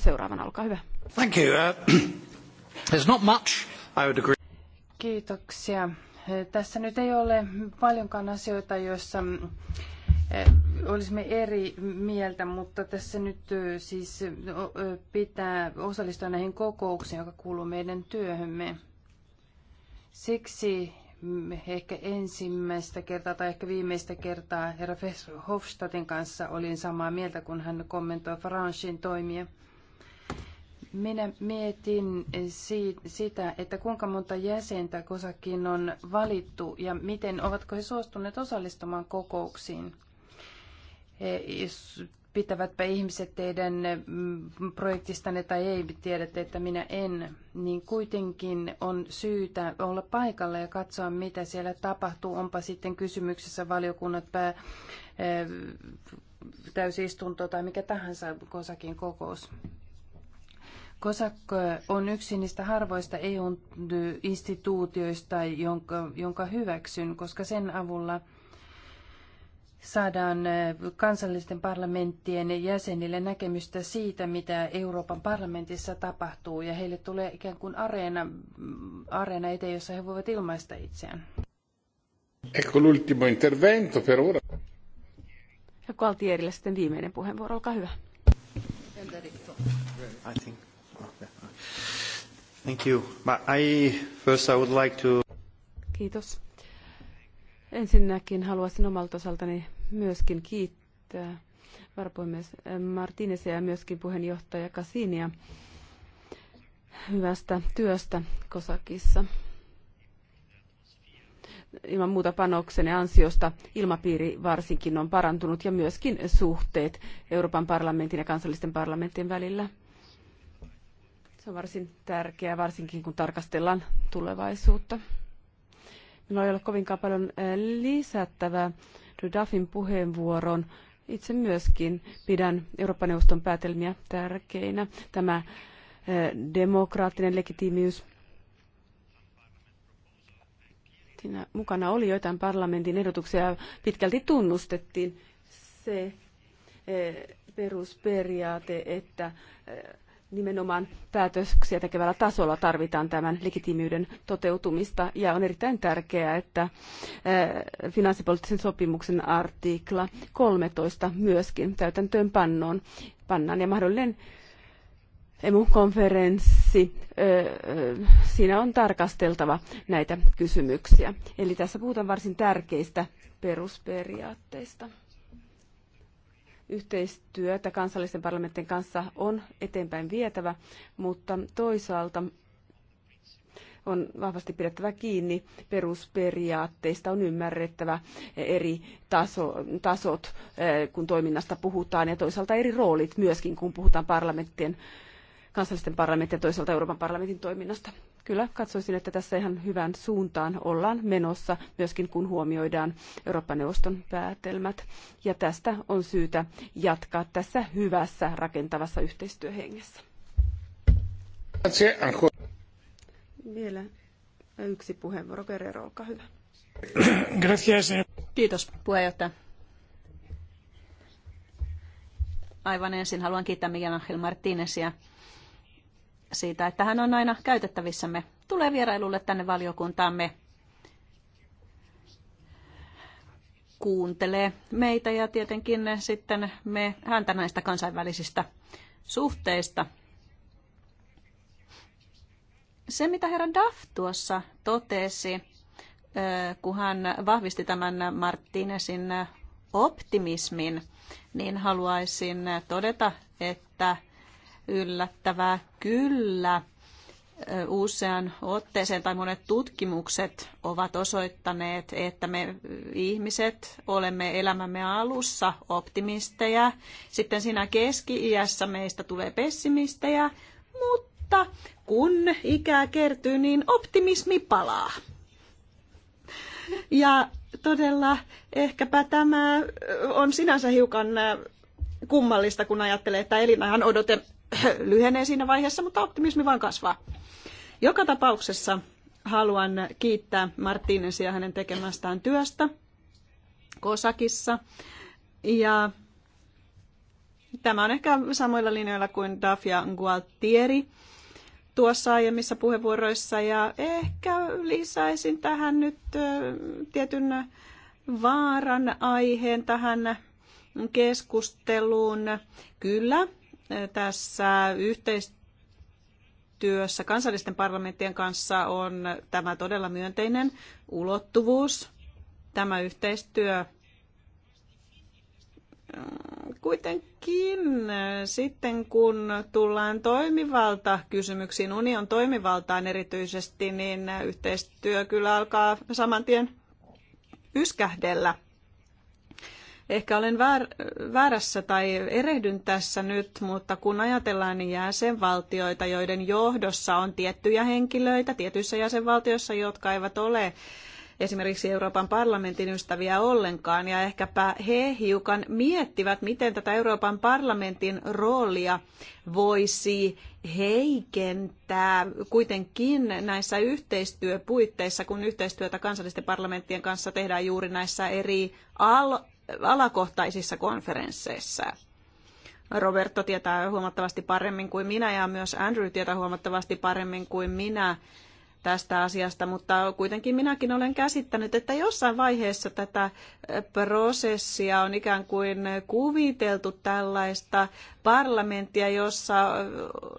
olkaa hyvä. Thank you. Uh, *clears throat* there's not much, I would agree. Kiitoksia. Tässä nyt ei ole paljonkaan asioita, joissa mm, eh, olisimme eri mieltä, mutta tässä nyt eh, siis eh, pitää osallistua näihin kokouksiin, joka kuuluu meidän työhömme. Siksi Mm, ehkä ensimmäistä kertaa tai ehkä viimeistä kertaa herra Hofstadin kanssa olin samaa mieltä, kun hän kommentoi Franchin toimia. Minä mietin sitä, että kuinka monta jäsentä kosakin on valittu ja miten ovatko he suostuneet osallistumaan kokouksiin pitävätpä ihmiset teidän mm, projektistanne tai ei, tiedätte, että minä en, niin kuitenkin on syytä olla paikalla ja katsoa, mitä siellä tapahtuu. Onpa sitten kysymyksessä valiokunnat, pää, eh, täysistunto tai mikä tahansa kosakin kokous. Kosakko eh, on yksi niistä harvoista EU-instituutioista, jonka, jonka hyväksyn, koska sen avulla – saadaan eh, kansallisten parlamenttien jäsenille näkemystä siitä, mitä Euroopan parlamentissa tapahtuu, ja heille tulee ikään kuin areena, mm, areena eteen, jossa he voivat ilmaista itseään. Ecco l'ultimo intervento per ora. Ja Gualtierille sitten viimeinen puheenvuoro, olkaa hyvä. Thank you. I, first I would like to... Kiitos. Ensinnäkin haluaisin omalta osaltani myöskin kiittää varapuhemies Martinesia ja myöskin puheenjohtaja Kasinia hyvästä työstä Kosakissa. Ilman muuta panoksen ja ansiosta ilmapiiri varsinkin on parantunut ja myöskin suhteet Euroopan parlamentin ja kansallisten parlamenttien välillä. Se on varsin tärkeää, varsinkin kun tarkastellaan tulevaisuutta. Minulla ei ole kovinkaan paljon eh, lisättävää Duffin puheenvuoron. Itse myöskin pidän Euroopan neuvoston päätelmiä tärkeinä. Tämä eh, demokraattinen legitiimiys. Siinä mukana oli joitain parlamentin ehdotuksia pitkälti tunnustettiin se eh, perusperiaate, että nimenomaan päätöksiä tekevällä tasolla tarvitaan tämän legitiimiyden toteutumista ja on erittäin tärkeää, että eh, finanssipoliittisen sopimuksen artikla 13 myöskin täytäntöön pannoon pannaan ja mahdollinen emu-konferenssi, eh, eh, siinä on tarkasteltava näitä kysymyksiä. Eli tässä puhutaan varsin tärkeistä perusperiaatteista. Yhteistyötä kansallisten parlamenttien kanssa on eteenpäin vietävä, mutta toisaalta on vahvasti pidettävä kiinni perusperiaatteista, on ymmärrettävä eri taso, tasot, eh, kun toiminnasta puhutaan, ja toisaalta eri roolit myöskin, kun puhutaan parlamenttien kansallisten parlamentin ja toisaalta Euroopan parlamentin toiminnasta. Kyllä, katsoisin, että tässä ihan hyvän suuntaan ollaan menossa, myöskin kun huomioidaan Euroopan neuvoston päätelmät. Ja tästä on syytä jatkaa tässä hyvässä rakentavassa yhteistyöhengessä. Vielä yksi puheenvuoro. Guerrero, olkaa hyvä. Kiitos puheenjohtaja. Aivan ensin haluan kiittää Miguel Angel Martinezia siitä, että hän on aina käytettävissämme. Tulee vierailulle tänne valiokuntaamme, kuuntelee meitä ja tietenkin sitten me häntä näistä kansainvälisistä suhteista. Se, mitä herra Duff tuossa totesi, kun hän vahvisti tämän Martinesin optimismin, niin haluaisin todeta, että yllättävää kyllä. Usean otteeseen tai monet tutkimukset ovat osoittaneet, että me ihmiset olemme elämämme alussa optimisteja. Sitten siinä keski-iässä meistä tulee pessimistejä, mutta kun ikää kertyy, niin optimismi palaa. Ja todella ehkäpä tämä on sinänsä hiukan kummallista, kun ajattelee, että elinajan odote *clears throat* lyhenee siinä vaiheessa, mutta optimismi vaan kasvaa. Joka tapauksessa haluan kiittää Martinesia hänen tekemästään työstä Kosakissa. Ja tämä on ehkä samoilla linjoilla kuin Dafia Gualtieri tuossa aiemmissa puheenvuoroissa ja ehkä lisäisin tähän nyt tietyn vaaran aiheen tähän keskusteluun. Kyllä, tässä yhteistyössä kansallisten parlamenttien kanssa on tämä todella myönteinen ulottuvuus. Tämä yhteistyö äh, kuitenkin äh, sitten kun tullaan toimivalta kysymyksiin, union toimivaltaan erityisesti, niin yhteistyö kyllä alkaa saman tien yskähdellä. Ehkä olen väärässä tai erehdyn tässä nyt, mutta kun ajatellaan niin, jäsenvaltioita, joiden johdossa on tiettyjä henkilöitä tietyissä jäsenvaltioissa, jotka eivät ole esimerkiksi Euroopan parlamentin ystäviä ollenkaan, ja ehkäpä he hiukan miettivät, miten tätä Euroopan parlamentin roolia voisi heikentää kuitenkin näissä yhteistyöpuitteissa, kun yhteistyötä kansallisten parlamenttien kanssa tehdään juuri näissä eri al- alakohtaisissa konferensseissa. Roberto tietää huomattavasti paremmin kuin minä ja myös Andrew tietää huomattavasti paremmin kuin minä tästä asiasta, mutta kuitenkin minäkin olen käsittänyt, että jossain vaiheessa tätä prosessia on ikään kuin kuviteltu tällaista parlamenttia, jossa,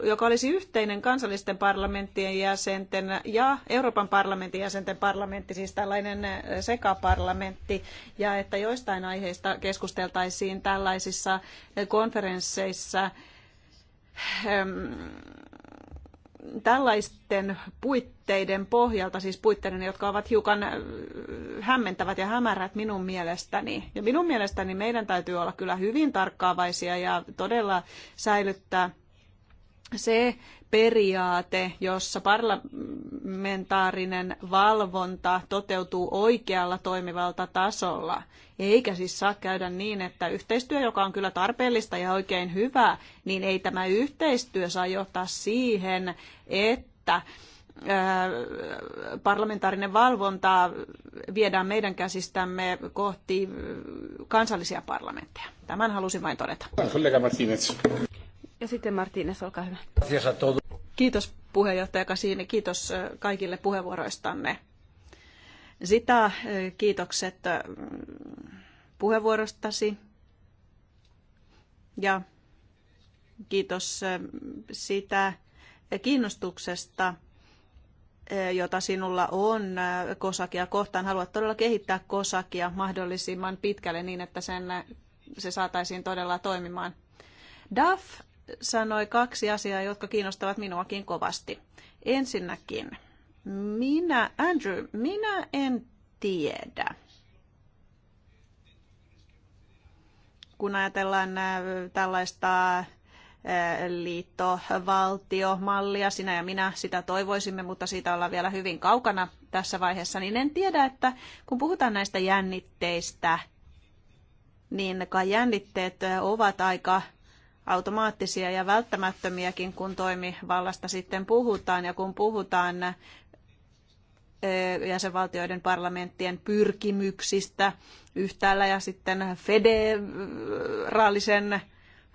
joka olisi yhteinen kansallisten parlamenttien jäsenten ja Euroopan parlamentin jäsenten parlamentti, siis tällainen sekaparlamentti, ja että joistain aiheista keskusteltaisiin tällaisissa konferensseissa tällaisten puitteiden pohjalta, siis puitteiden, jotka ovat hiukan hämmentävät ja hämärät minun mielestäni. Ja minun mielestäni meidän täytyy olla kyllä hyvin tarkkaavaisia ja todella säilyttää se periaate, jossa parlamentaarinen valvonta toteutuu oikealla toimivalta tasolla. Eikä siis saa käydä niin, että yhteistyö, joka on kyllä tarpeellista ja oikein hyvä, niin ei tämä yhteistyö saa johtaa siihen, että parlamentaarinen valvonta viedään meidän käsistämme kohti kansallisia parlamentteja. Tämän halusin vain todeta. Kollega ja sitten Martínez, olkaa hyvä. Kiitos puheenjohtaja Kasiini, kiitos kaikille puheenvuoroistanne. Sitä kiitokset puheenvuorostasi ja kiitos sitä kiinnostuksesta, jota sinulla on Kosakia kohtaan. Haluat todella kehittää Kosakia mahdollisimman pitkälle niin, että sen, se saataisiin todella toimimaan. DAF sanoi kaksi asiaa, jotka kiinnostavat minuakin kovasti. Ensinnäkin, minä, Andrew, minä en tiedä. Kun ajatellaan äh, tällaista äh, liittovaltiomallia, sinä ja minä sitä toivoisimme, mutta siitä ollaan vielä hyvin kaukana tässä vaiheessa, niin en tiedä, että kun puhutaan näistä jännitteistä, niin kai jännitteet äh, ovat aika automaattisia ja välttämättömiäkin, kun toimivallasta sitten puhutaan ja kun puhutaan jäsenvaltioiden parlamenttien pyrkimyksistä yhtäällä ja sitten federaalisen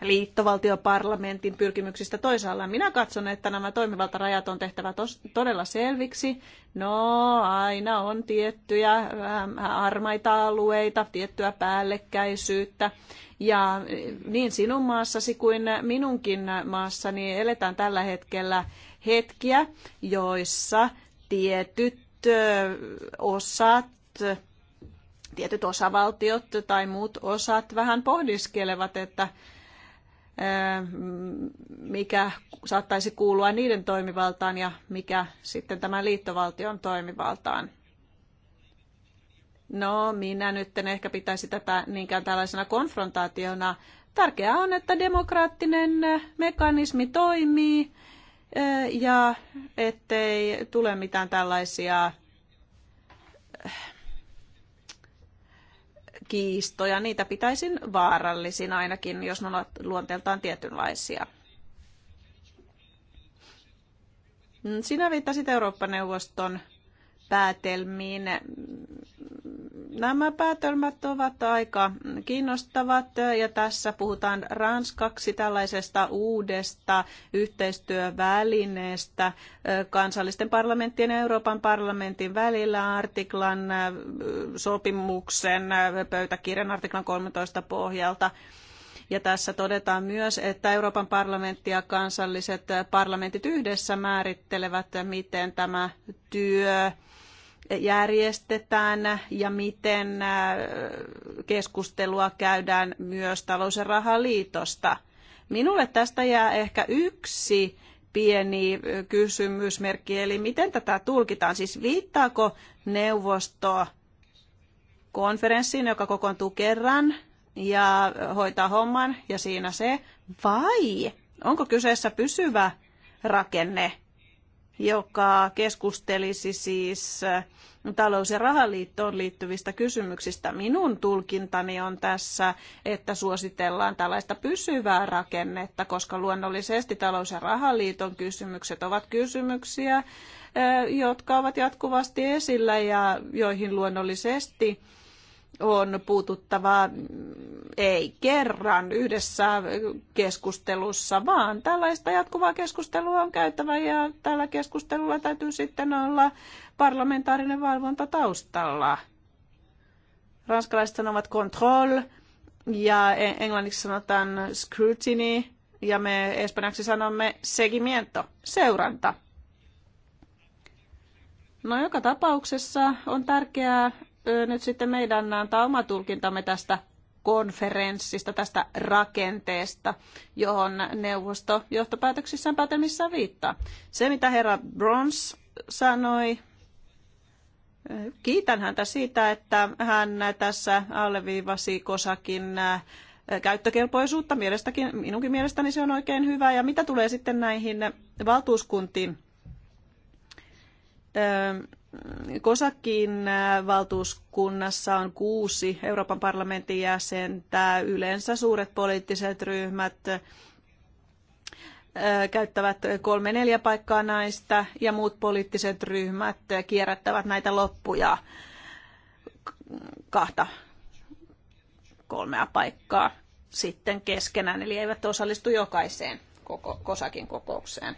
liittovaltioparlamentin pyrkimyksistä toisaalla. Minä katson, että nämä toimivaltarajat on tehtävä tos- todella selviksi. No, aina on tiettyjä ähm, armaita alueita, tiettyä päällekkäisyyttä. Ja niin sinun maassasi kuin minunkin maassani eletään tällä hetkellä hetkiä, joissa tietyt äh, osat tietyt osavaltiot tai muut osat vähän pohdiskelevat, että mikä saattaisi kuulua niiden toimivaltaan ja mikä sitten tämän liittovaltion toimivaltaan. No, minä nyt en ehkä pitäisi tätä niinkään tällaisena konfrontaationa. Tärkeää on, että demokraattinen mekanismi toimii ja ettei tule mitään tällaisia kiistoja. Niitä pitäisin vaarallisina ainakin, jos ne ovat luonteeltaan tietynlaisia. Sinä viittasit Eurooppa-neuvoston päätelmiin. Nämä päätelmät ovat aika kiinnostavat ja tässä puhutaan ranskaksi tällaisesta uudesta yhteistyövälineestä kansallisten parlamenttien ja Euroopan parlamentin välillä artiklan sopimuksen pöytäkirjan artiklan 13 pohjalta. Ja tässä todetaan myös, että Euroopan parlamentti ja kansalliset parlamentit yhdessä määrittelevät, miten tämä työ järjestetään ja miten äh, keskustelua käydään myös talous- ja rahaliitosta. Minulle tästä jää ehkä yksi pieni äh, kysymysmerkki, eli miten tätä tulkitaan? Siis viittaako neuvosto konferenssiin, joka kokoontuu kerran ja hoitaa homman ja siinä se, vai onko kyseessä pysyvä rakenne, joka keskustelisi siis äh, talous- ja rahaliittoon liittyvistä kysymyksistä. Minun tulkintani on tässä, että suositellaan tällaista pysyvää rakennetta, koska luonnollisesti talous- ja rahaliiton kysymykset ovat kysymyksiä, äh, jotka ovat jatkuvasti esillä ja joihin luonnollisesti on puututtava mm, ei kerran yhdessä keskustelussa, vaan tällaista jatkuvaa keskustelua on käytävä ja tällä keskustelulla täytyy sitten olla parlamentaarinen valvonta taustalla. Ranskalaiset sanovat control ja e- englanniksi sanotaan scrutiny ja me espanjaksi sanomme seguimiento, seuranta. No joka tapauksessa on tärkeää, nyt sitten meidän antaa oma tulkintamme tästä konferenssista, tästä rakenteesta, johon neuvosto johtopäätöksissään päätelmissään viittaa. Se, mitä herra Brons sanoi, kiitän häntä siitä, että hän tässä alleviivasi kosakin käyttökelpoisuutta. Mielestäkin, minunkin mielestäni se on oikein hyvä. Ja mitä tulee sitten näihin valtuuskuntiin, Kosakin äh, valtuuskunnassa on kuusi Euroopan parlamentin jäsentä. Yleensä suuret poliittiset ryhmät äh, käyttävät kolme neljä paikkaa naista ja muut poliittiset ryhmät kierrättävät näitä loppuja kahta kolmea paikkaa sitten keskenään, eli eivät osallistu jokaiseen koko, kosakin kokoukseen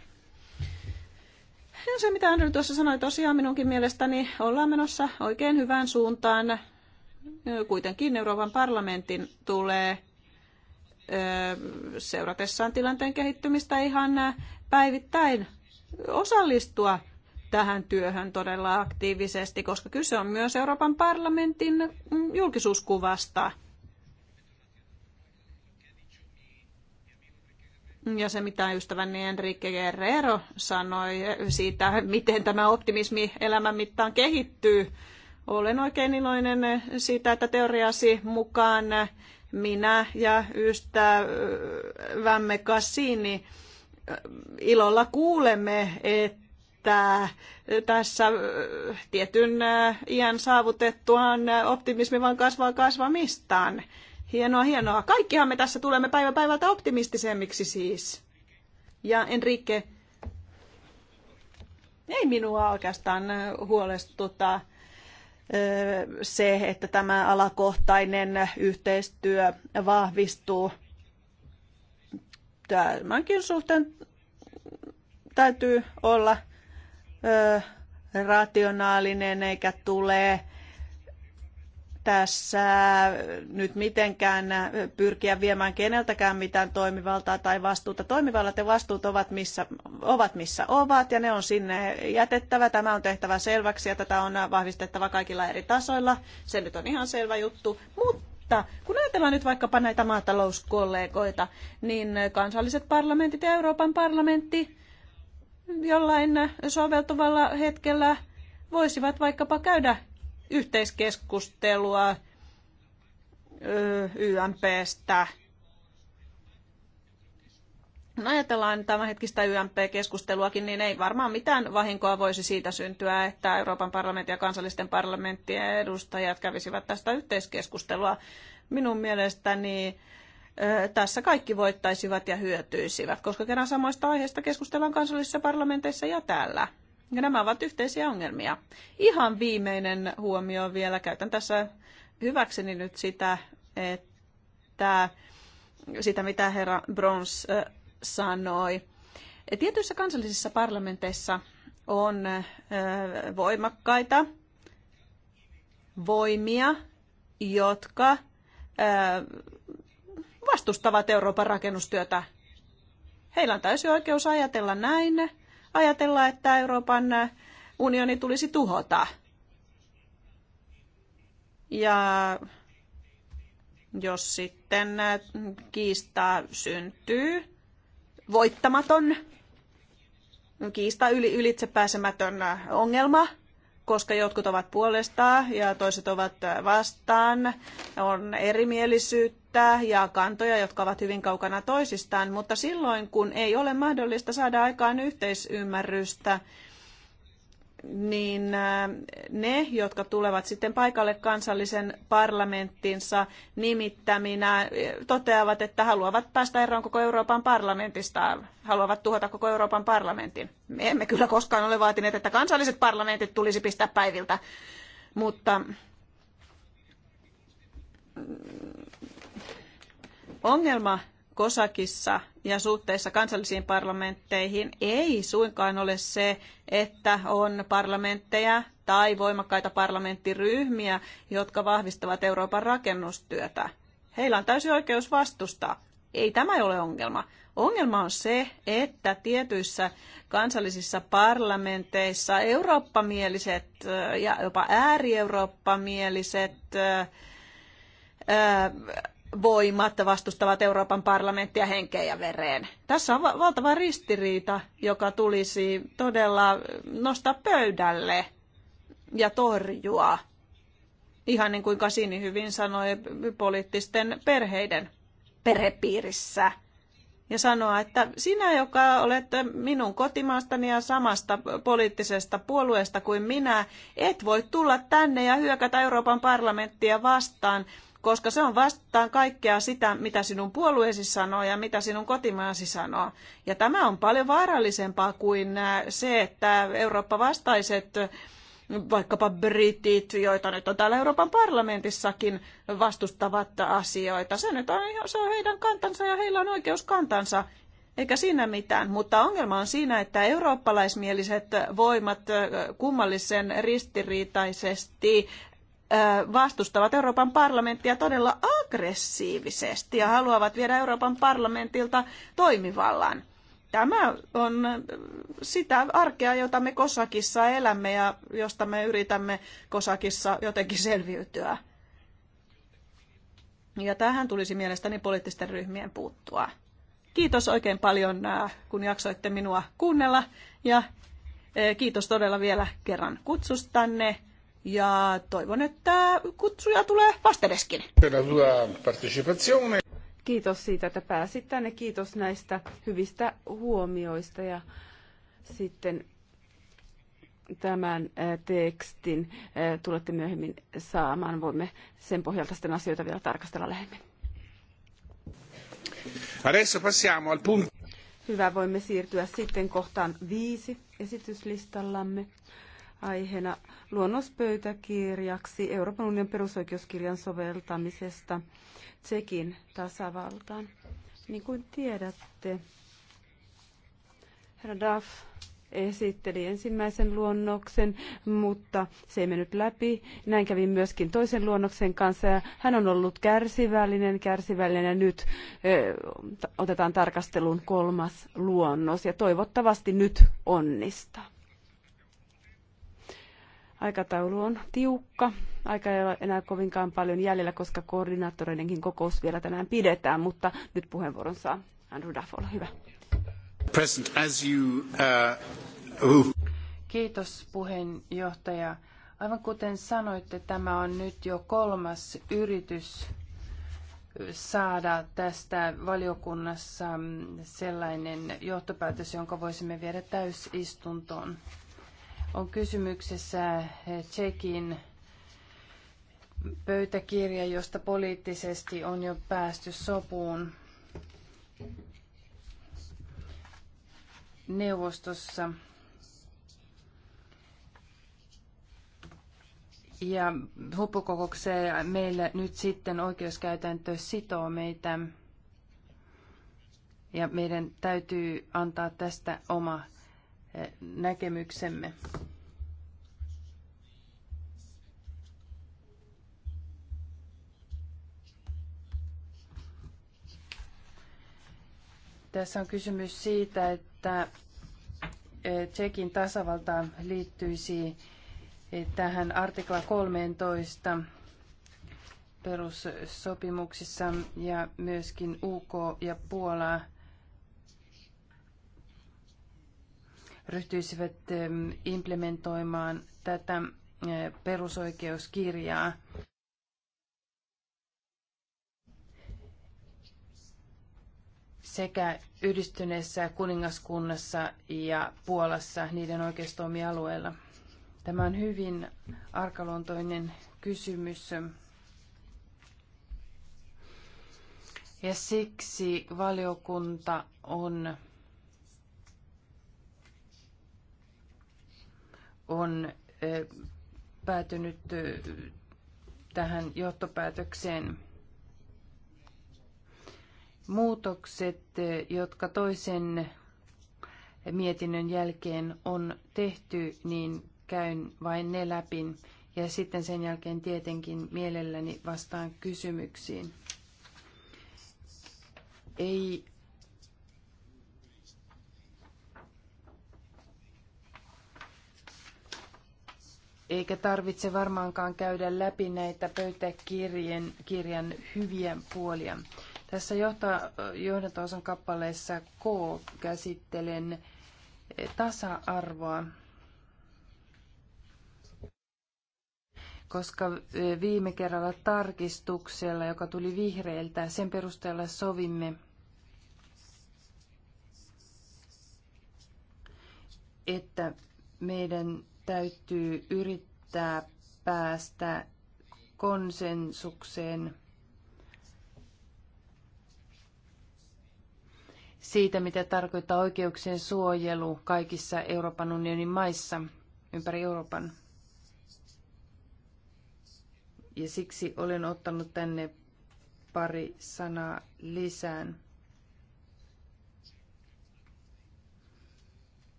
se, mitä Andrew tuossa sanoi, tosiaan minunkin mielestäni ollaan menossa oikein hyvään suuntaan. Kuitenkin Euroopan parlamentin tulee seuratessaan tilanteen kehittymistä ihan päivittäin osallistua tähän työhön todella aktiivisesti, koska kyse on myös Euroopan parlamentin julkisuuskuvasta. Ja se, mitä ystäväni Enrique Guerrero sanoi siitä, miten tämä optimismi elämän mittaan kehittyy, olen oikein iloinen siitä, että teoriasi mukaan minä ja ystävämme Cassini ilolla kuulemme, että tässä tietyn iän saavutettuaan optimismi vaan kasvaa kasvamistaan. Hienoa, hienoa. Kaikkihan me tässä tulemme päivä päivältä optimistisemmiksi siis. Ja Enrique, ei minua oikeastaan huolestuta se, että tämä alakohtainen yhteistyö vahvistuu. Tämänkin suhteen täytyy olla rationaalinen eikä tule tässä nyt mitenkään pyrkiä viemään keneltäkään mitään toimivaltaa tai vastuuta. Toimivallat ja vastuut ovat missä, ovat missä ovat ja ne on sinne jätettävä. Tämä on tehtävä selväksi ja tätä on vahvistettava kaikilla eri tasoilla. Se nyt on ihan selvä juttu. Mutta mutta kun ajatellaan nyt vaikkapa näitä maatalouskollegoita, niin kansalliset parlamentit ja Euroopan parlamentti jollain soveltuvalla hetkellä voisivat vaikkapa käydä yhteiskeskustelua YMPstä. No ajatellaan tämänhetkistä YMP-keskusteluakin, niin ei varmaan mitään vahinkoa voisi siitä syntyä, että Euroopan parlamentin ja kansallisten parlamenttien edustajat kävisivät tästä yhteiskeskustelua. Minun mielestäni tässä kaikki voittaisivat ja hyötyisivät, koska kerran samoista aiheista keskustellaan kansallisissa parlamenteissa ja täällä. Ja nämä ovat yhteisiä ongelmia. Ihan viimeinen huomio vielä. Käytän tässä hyväkseni nyt sitä, että sitä mitä herra Brons sanoi. Tietyissä kansallisissa parlamenteissa on voimakkaita voimia, jotka vastustavat Euroopan rakennustyötä. Heillä on täysi oikeus ajatella näin ajatella, että Euroopan unioni tulisi tuhota. Ja jos sitten kiista syntyy, voittamaton, kiista ylitsepääsemätön ongelma – koska jotkut ovat puolesta ja toiset ovat vastaan, on erimielisyyttä ja kantoja, jotka ovat hyvin kaukana toisistaan, mutta silloin kun ei ole mahdollista saada aikaan yhteisymmärrystä, niin äh, ne, jotka tulevat sitten paikalle kansallisen parlamenttinsa nimittäminä, äh, toteavat, että haluavat päästä eroon koko Euroopan parlamentista, haluavat tuhota koko Euroopan parlamentin. Me emme kyllä koskaan ole vaatineet, että kansalliset parlamentit tulisi pistää päiviltä, mutta mm, ongelma Kosakissa ja suhteessa kansallisiin parlamentteihin ei suinkaan ole se, että on parlamentteja tai voimakkaita parlamenttiryhmiä, jotka vahvistavat Euroopan rakennustyötä. Heillä on täysi oikeus vastustaa. Ei tämä ole ongelma. Ongelma on se, että tietyissä kansallisissa parlamenteissa eurooppamieliset ja jopa äärieurooppamieliset voimat vastustavat Euroopan parlamenttia henkeen ja vereen. Tässä on valtava ristiriita, joka tulisi todella nostaa pöydälle ja torjua, ihan niin kuin Kasini hyvin sanoi, poliittisten perheiden perhepiirissä. Ja sanoa, että sinä, joka olet minun kotimaastani ja samasta poliittisesta puolueesta kuin minä, et voi tulla tänne ja hyökätä Euroopan parlamenttia vastaan koska se on vastaan kaikkea sitä, mitä sinun puolueesi sanoo ja mitä sinun kotimaasi sanoo. Ja tämä on paljon vaarallisempaa kuin äh, se, että Eurooppa-vastaiset vaikkapa britit, joita nyt on täällä Euroopan parlamentissakin vastustavat asioita. Se nyt on, se on heidän kantansa ja heillä on oikeus kantansa eikä siinä mitään, mutta ongelma on siinä, että eurooppalaismieliset voimat äh, kummallisen ristiriitaisesti vastustavat Euroopan parlamenttia todella aggressiivisesti ja haluavat viedä Euroopan parlamentilta toimivallan. Tämä on sitä arkea, jota me Kosakissa elämme ja josta me yritämme Kosakissa jotenkin selviytyä. Ja tähän tulisi mielestäni poliittisten ryhmien puuttua. Kiitos oikein paljon, kun jaksoitte minua kuunnella ja kiitos todella vielä kerran kutsustanne ja toivon, että kutsuja tulee vastedeskin. Kiitos siitä, että pääsit tänne. Kiitos näistä hyvistä huomioista ja sitten tämän äh, tekstin äh, tulette myöhemmin saamaan. Voimme sen pohjalta sitten asioita vielä tarkastella lähemmin. Adesso passiamo al punto. Hyvä, voimme siirtyä sitten kohtaan viisi esityslistallamme aiheena luonnospöytäkirjaksi Euroopan unionin perusoikeuskirjan soveltamisesta Tsekin tasavaltaan. Niin kuin tiedätte, herra Duff esitteli ensimmäisen luonnoksen, mutta se ei mennyt läpi. Näin kävi myöskin toisen luonnoksen kanssa ja hän on ollut kärsivällinen, kärsivällinen ja nyt ö, otetaan tarkasteluun kolmas luonnos ja toivottavasti nyt onnistaa. Aikataulu on tiukka. Aika ei ole enää kovinkaan paljon jäljellä, koska koordinaattoreidenkin kokous vielä tänään pidetään, mutta nyt puheenvuoron saa Andrew Duff, ole hyvä. President, as you, uh, uh. Kiitos puheenjohtaja. Aivan kuten sanoitte, tämä on nyt jo kolmas yritys saada tästä valiokunnassa sellainen johtopäätös, jonka voisimme viedä täysistuntoon on kysymyksessä Tsekin pöytäkirja, josta poliittisesti on jo päästy sopuun neuvostossa. Ja huippukokoukseen meillä nyt sitten oikeuskäytäntö sitoo meitä ja meidän täytyy antaa tästä oma näkemyksemme. Tässä on kysymys siitä, että eh, Tsekin tasavalta liittyisi eh, tähän artikla 13 perussopimuksissa ja myöskin UK ja puolaa. ryhtyisivät implementoimaan tätä perusoikeuskirjaa. sekä yhdistyneessä kuningaskunnassa ja Puolassa niiden oikeustoimialueella. Tämä on hyvin arkaluontoinen kysymys. Ja siksi valiokunta on on päätynyt tähän johtopäätökseen. Muutokset, jotka toisen mietinnön jälkeen on tehty, niin käyn vain ne läpi ja sitten sen jälkeen tietenkin mielelläni vastaan kysymyksiin. Ei eikä tarvitse varmaankaan käydä läpi näitä pöytäkirjan kirjan hyviä puolia. Tässä johdantoosan kappaleessa K käsittelen tasa-arvoa, koska e, viime kerralla tarkistuksella, joka tuli vihreiltä, sen perusteella sovimme, että meidän täytyy yrittää päästä konsensukseen siitä, mitä tarkoittaa oikeuksien suojelu kaikissa Euroopan unionin maissa ympäri Euroopan. Ja siksi olen ottanut tänne pari sanaa lisään.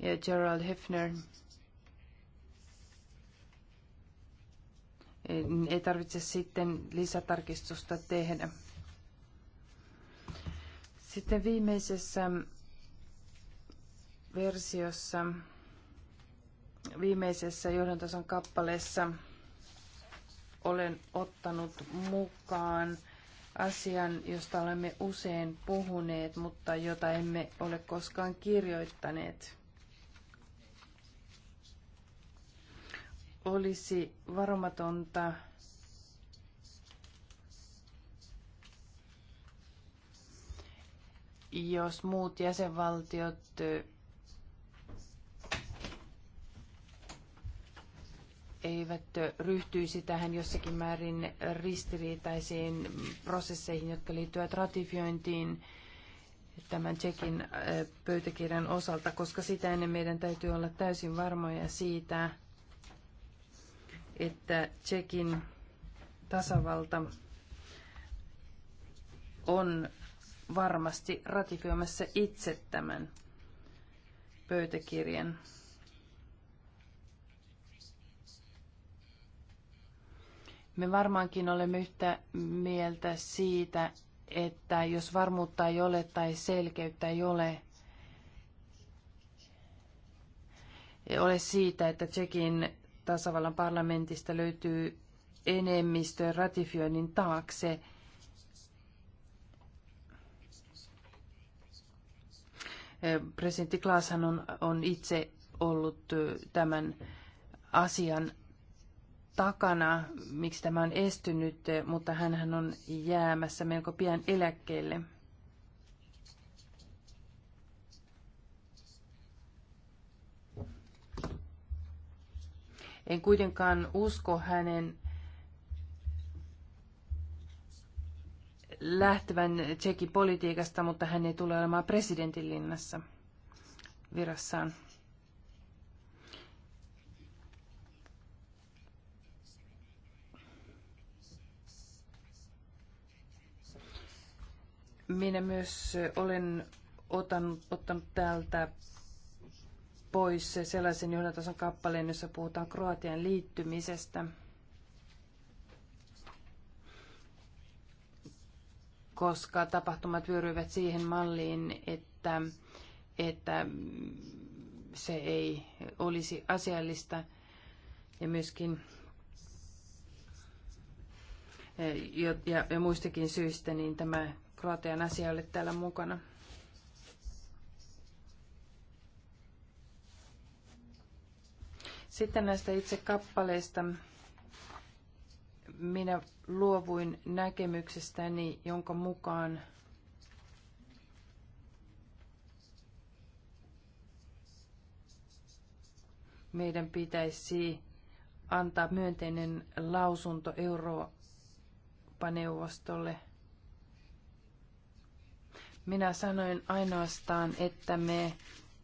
Gerald Hefner. Ei tarvitse sitten lisätarkistusta tehdä. Sitten viimeisessä versiossa, viimeisessä johdantason kappaleessa olen ottanut mukaan asian, josta olemme usein puhuneet, mutta jota emme ole koskaan kirjoittaneet. olisi varomatonta jos muut jäsenvaltiot eivät ryhtyisi tähän jossakin määrin ristiriitaisiin prosesseihin, jotka liittyvät ratifiointiin tämän Tsekin äh, pöytäkirjan osalta, koska sitä ennen meidän täytyy olla täysin varmoja siitä, että Tsekin tasavalta on varmasti ratifioimassa itse tämän pöytäkirjan. Me varmaankin olemme yhtä mieltä siitä, että jos varmuutta ei ole tai selkeyttä ei ole, ei ole siitä, että Tsekin tasavallan parlamentista löytyy enemmistö ratifioinnin taakse. Presidentti Klaashan on, on itse ollut tämän asian takana, miksi tämä on estynyt, mutta hän on jäämässä melko pian eläkkeelle. En kuitenkaan usko hänen lähtevän Tsekin politiikasta, mutta hän ei tule olemaan presidentin linnassa virassaan. Minä myös olen otan, ottanut täältä pois sellaisen johdantason kappaleen, jossa puhutaan Kroatian liittymisestä. koska tapahtumat vyöryivät siihen malliin, että, että se ei olisi asiallista ja myöskin ja, ja, ja muistakin syistä niin tämä Kroatian asia oli täällä mukana. Sitten näistä itse kappaleista minä luovuin näkemyksestäni, jonka mukaan meidän pitäisi antaa myönteinen lausunto Eurooppa-neuvostolle. Minä sanoin ainoastaan, että me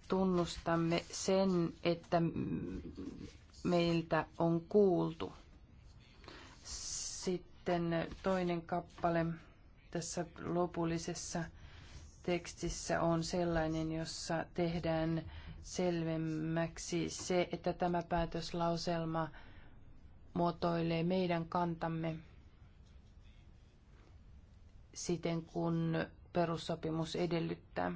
tunnustamme sen, että meiltä on kuultu. Sitten toinen kappale tässä lopullisessa tekstissä on sellainen, jossa tehdään selvemmäksi se, että tämä päätöslauselma muotoilee meidän kantamme siten, kun perussopimus edellyttää.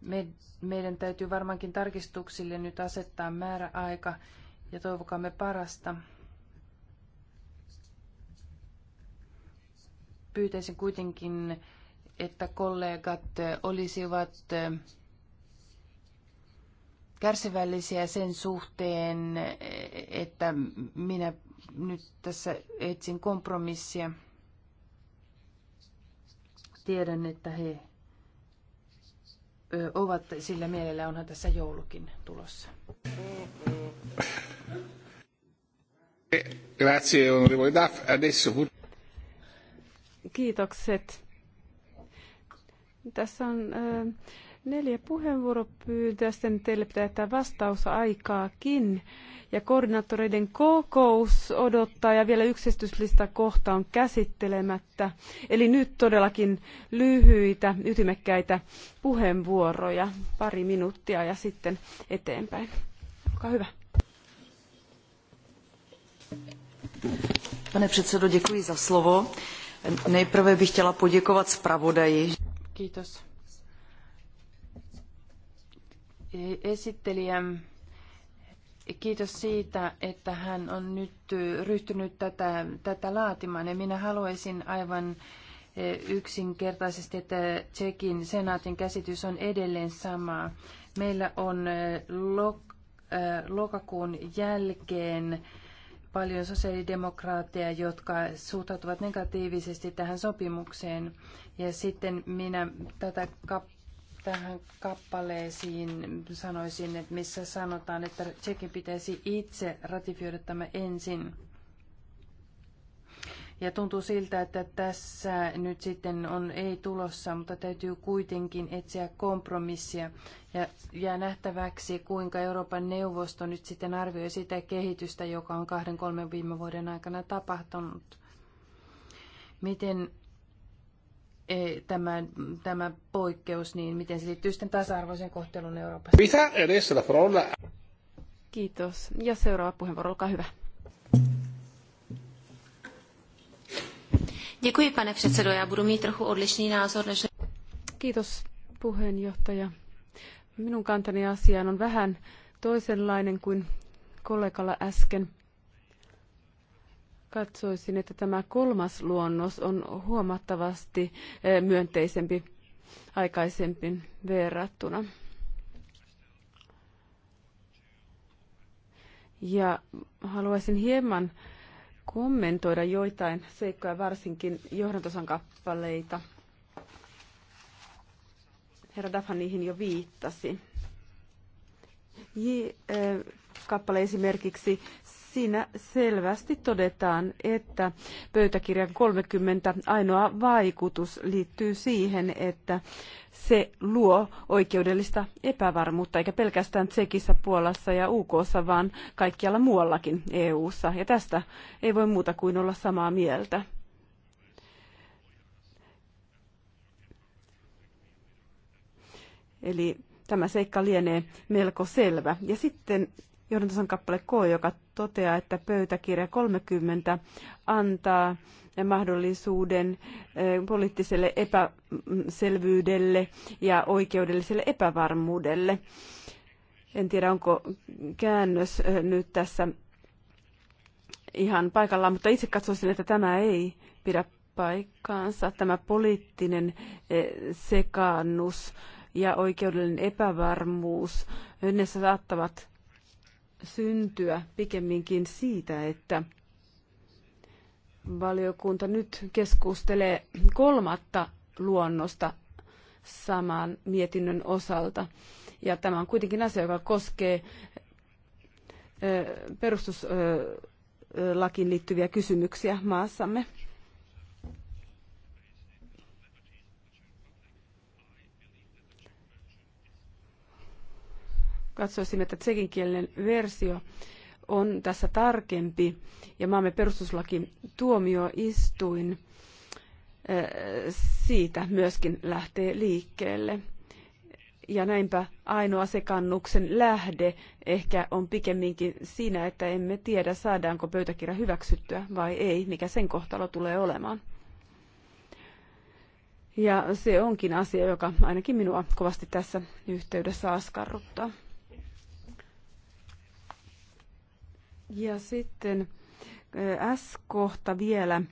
Me, meidän täytyy varmaankin tarkistuksille nyt asettaa määräaika ja toivokaamme parasta. Pyytäisin kuitenkin, että kollegat olisivat äh, kärsivällisiä sen suhteen, äh, että minä nyt tässä etsin kompromissia. Tiedän, että he ovat sillä mielellä, onhan tässä joulukin tulossa. Grazie, onorevole Daff. Adesso... Kiitokset. Tässä on Neljä puheenvuoropyyntöä, sitten teille pitää jättää vastausaikaakin. Ja koordinaattoreiden kokous odottaa ja vielä yksistyslista kohta on käsittelemättä. Eli nyt todellakin lyhyitä, ytimekkäitä puheenvuoroja, pari minuuttia ja sitten eteenpäin. Olkaa hyvä. Pane předsedo, děkuji za slovo. Nejprve bych chtěla poděkovat zpravodaji. Kiitos esittelijä. Kiitos siitä, että hän on nyt ryhtynyt tätä, tätä laatimaan. Ja minä haluaisin aivan e, yksinkertaisesti, että Tsekin senaatin käsitys on edelleen sama. Meillä on e, lok- e, lokakuun jälkeen paljon sosiaalidemokraatteja, jotka suhtautuvat negatiivisesti tähän sopimukseen. Ja sitten minä tätä kap- tähän kappaleisiin sanoisin, että missä sanotaan, että Tsekin pitäisi itse ratifioida tämä ensin. Ja tuntuu siltä, että tässä nyt sitten on ei tulossa, mutta täytyy kuitenkin etsiä kompromissia. Ja jää nähtäväksi, kuinka Euroopan neuvosto nyt sitten arvioi sitä kehitystä, joka on kahden kolmen viime vuoden aikana tapahtunut. Miten Eh, tämä, tämä poikkeus, niin miten se liittyy sitten tasa arvoisen kohteluun Euroopassa? Mitä edessä la parola? Kiitos. Ja seuraava puheenvuoro, olkaa hyvä. Děkuji, pane předsedo. Já budu mít trochu odlišný názor. Než... Kiitos, puheenjohtaja. Minun kantani asiaan on vähän toisenlainen kuin kollegalla äsken katsoisin, että tämä kolmas luonnos on huomattavasti eh, myönteisempi aikaisempiin verrattuna. Ja haluaisin hieman kommentoida joitain seikkoja, varsinkin johdantosan kappaleita. Herra Dafan niihin jo viittasi. J, eh, kappale esimerkiksi siinä selvästi todetaan, että pöytäkirjan 30 ainoa vaikutus liittyy siihen, että se luo oikeudellista epävarmuutta, eikä pelkästään Tsekissä, Puolassa ja UKssa, vaan kaikkialla muuallakin EUssa. Ja tästä ei voi muuta kuin olla samaa mieltä. Eli tämä seikka lienee melko selvä. Ja sitten johdantason kappale K, joka toteaa, että pöytäkirja 30 antaa mahdollisuuden eh, poliittiselle epäselvyydelle ja oikeudelliselle epävarmuudelle. En tiedä, onko käännös eh, nyt tässä ihan paikallaan, mutta itse katsoisin, että tämä ei pidä paikkaansa. Tämä poliittinen eh, sekaannus ja oikeudellinen epävarmuus, ne saattavat syntyä pikemminkin siitä, että valiokunta nyt keskustelee kolmatta luonnosta saman mietinnön osalta. Ja tämä on kuitenkin asia, joka koskee perustuslakiin liittyviä kysymyksiä maassamme. katsoisin, että tsekinkielinen versio on tässä tarkempi ja maamme perustuslaki tuomioistuin siitä myöskin lähtee liikkeelle. Ja näinpä ainoa sekannuksen lähde ehkä on pikemminkin siinä, että emme tiedä saadaanko pöytäkirja hyväksyttyä vai ei, mikä sen kohtalo tulee olemaan. Ja se onkin asia, joka ainakin minua kovasti tässä yhteydessä askarruttaa. Ja sitten S-kohta vielä.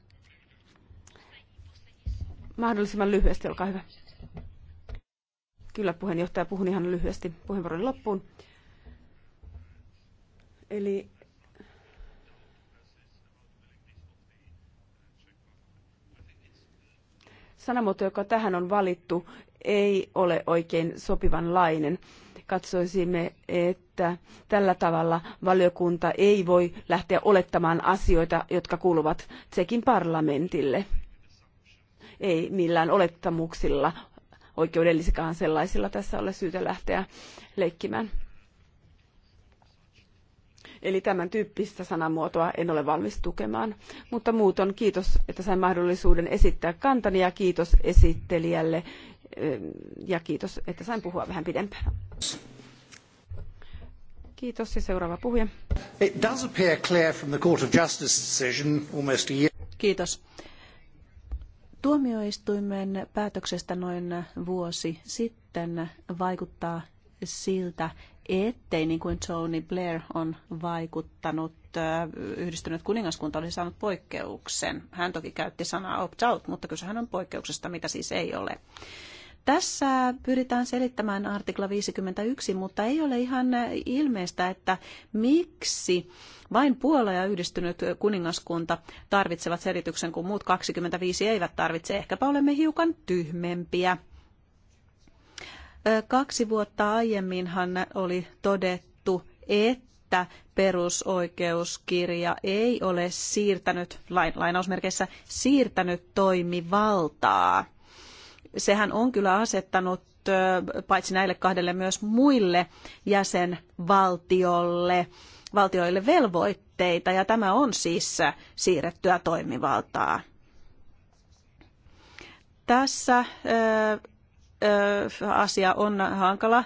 Mahdollisimman lyhyesti, olkaa hyvä. Kyllä, puheenjohtaja, puhun ihan lyhyesti puheenvuoron loppuun. Eli sanamuoto, joka tähän on valittu, ei ole oikein sopivanlainen katsoisimme, että tällä tavalla valiokunta ei voi lähteä olettamaan asioita, jotka kuuluvat Tsekin parlamentille. Ei millään olettamuksilla, oikeudellisikaan sellaisilla tässä ole syytä lähteä leikkimään. Eli tämän tyyppistä sanamuotoa en ole valmis tukemaan. Mutta muuton kiitos, että sain mahdollisuuden esittää kantani ja kiitos esittelijälle ja kiitos, että sain puhua vähän pidempään. Kiitos ja seuraava puhuja. It does appear clear from the Court of Justice decision almost a year. Kiitos. Tuomioistuimen päätöksestä noin vuosi sitten vaikuttaa siltä, ettei niin kuin Tony Blair on vaikuttanut, yhdistynyt kuningaskunta olisi saanut poikkeuksen. Hän toki käytti sanaa opt-out, mutta hän on poikkeuksesta, mitä siis ei ole. Tässä pyritään selittämään artikla 51, mutta ei ole ihan ilmeistä, että miksi vain Puola ja yhdistynyt kuningaskunta tarvitsevat selityksen, kun muut 25 eivät tarvitse. Ehkäpä olemme hiukan tyhmempiä. Kaksi vuotta aiemminhan oli todettu, että perusoikeuskirja ei ole siirtänyt, lainausmerkeissä, siirtänyt toimivaltaa sehän on kyllä asettanut paitsi näille kahdelle myös muille jäsenvaltiolle valtioille velvoitteita ja tämä on siis siirrettyä toimivaltaa. Tässä ö, ö, asia on hankala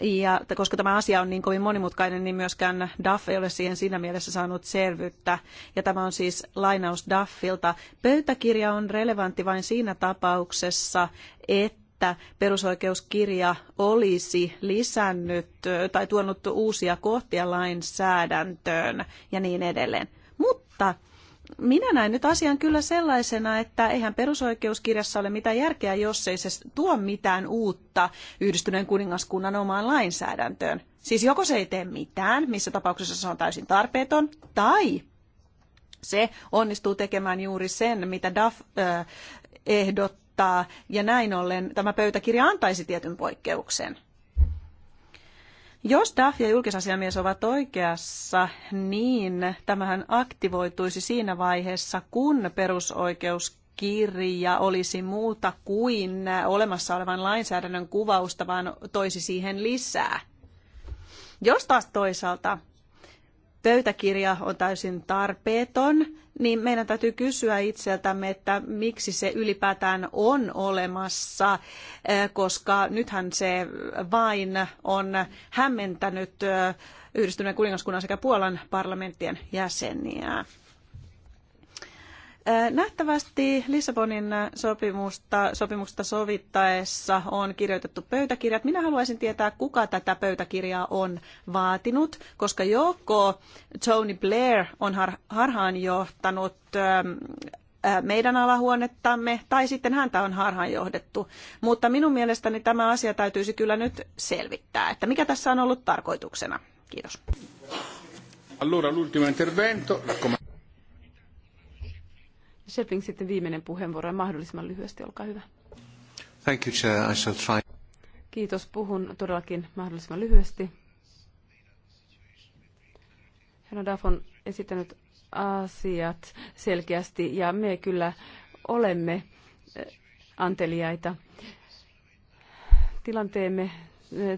ja koska tämä asia on niin kovin monimutkainen, niin myöskään Duff ei ole siihen siinä mielessä saanut selvyyttä. Ja tämä on siis lainaus Duffilta. Pöytäkirja on relevantti vain siinä tapauksessa, että perusoikeuskirja olisi lisännyt tai tuonut uusia kohtia lainsäädäntöön ja niin edelleen. Mutta minä näen nyt asian kyllä sellaisena, että eihän perusoikeuskirjassa ole mitään järkeä, jos ei se tuo mitään uutta yhdistyneen kuningaskunnan omaan lainsäädäntöön. Siis joko se ei tee mitään, missä tapauksessa se on täysin tarpeeton, tai se onnistuu tekemään juuri sen, mitä DAF ehdottaa, ja näin ollen tämä pöytäkirja antaisi tietyn poikkeuksen. Jos DAF ja julkisasiamies ovat oikeassa, niin tämähän aktivoituisi siinä vaiheessa, kun perusoikeus kirja olisi muuta kuin olemassa olevan lainsäädännön kuvausta, vaan toisi siihen lisää. Jos taas toisaalta pöytäkirja on täysin tarpeeton, niin meidän täytyy kysyä itseltämme, että miksi se ylipäätään on olemassa, eh, koska nythän se vain on hämmentänyt eh, yhdistyneen kuningaskunnan sekä Puolan parlamenttien jäseniä. Nähtävästi Lissabonin sopimusta, sopimusta sovittaessa on kirjoitettu pöytäkirjat. Minä haluaisin tietää, kuka tätä pöytäkirjaa on vaatinut, koska joko Tony Blair on har, harhaan johtanut meidän alahuonettamme, tai sitten häntä on harhaan Mutta minun mielestäni tämä asia täytyisi kyllä nyt selvittää, että mikä tässä on ollut tarkoituksena. Kiitos. Allora, l'ultimo intervento. Shepling sitten viimeinen puheenvuoro ja mahdollisimman lyhyesti, olkaa hyvä. Thank you, Chair. I shall try. Kiitos, puhun todellakin mahdollisimman lyhyesti. Herra Duff on esittänyt asiat selkeästi ja me kyllä olemme eh, anteliaita. Tilanteemme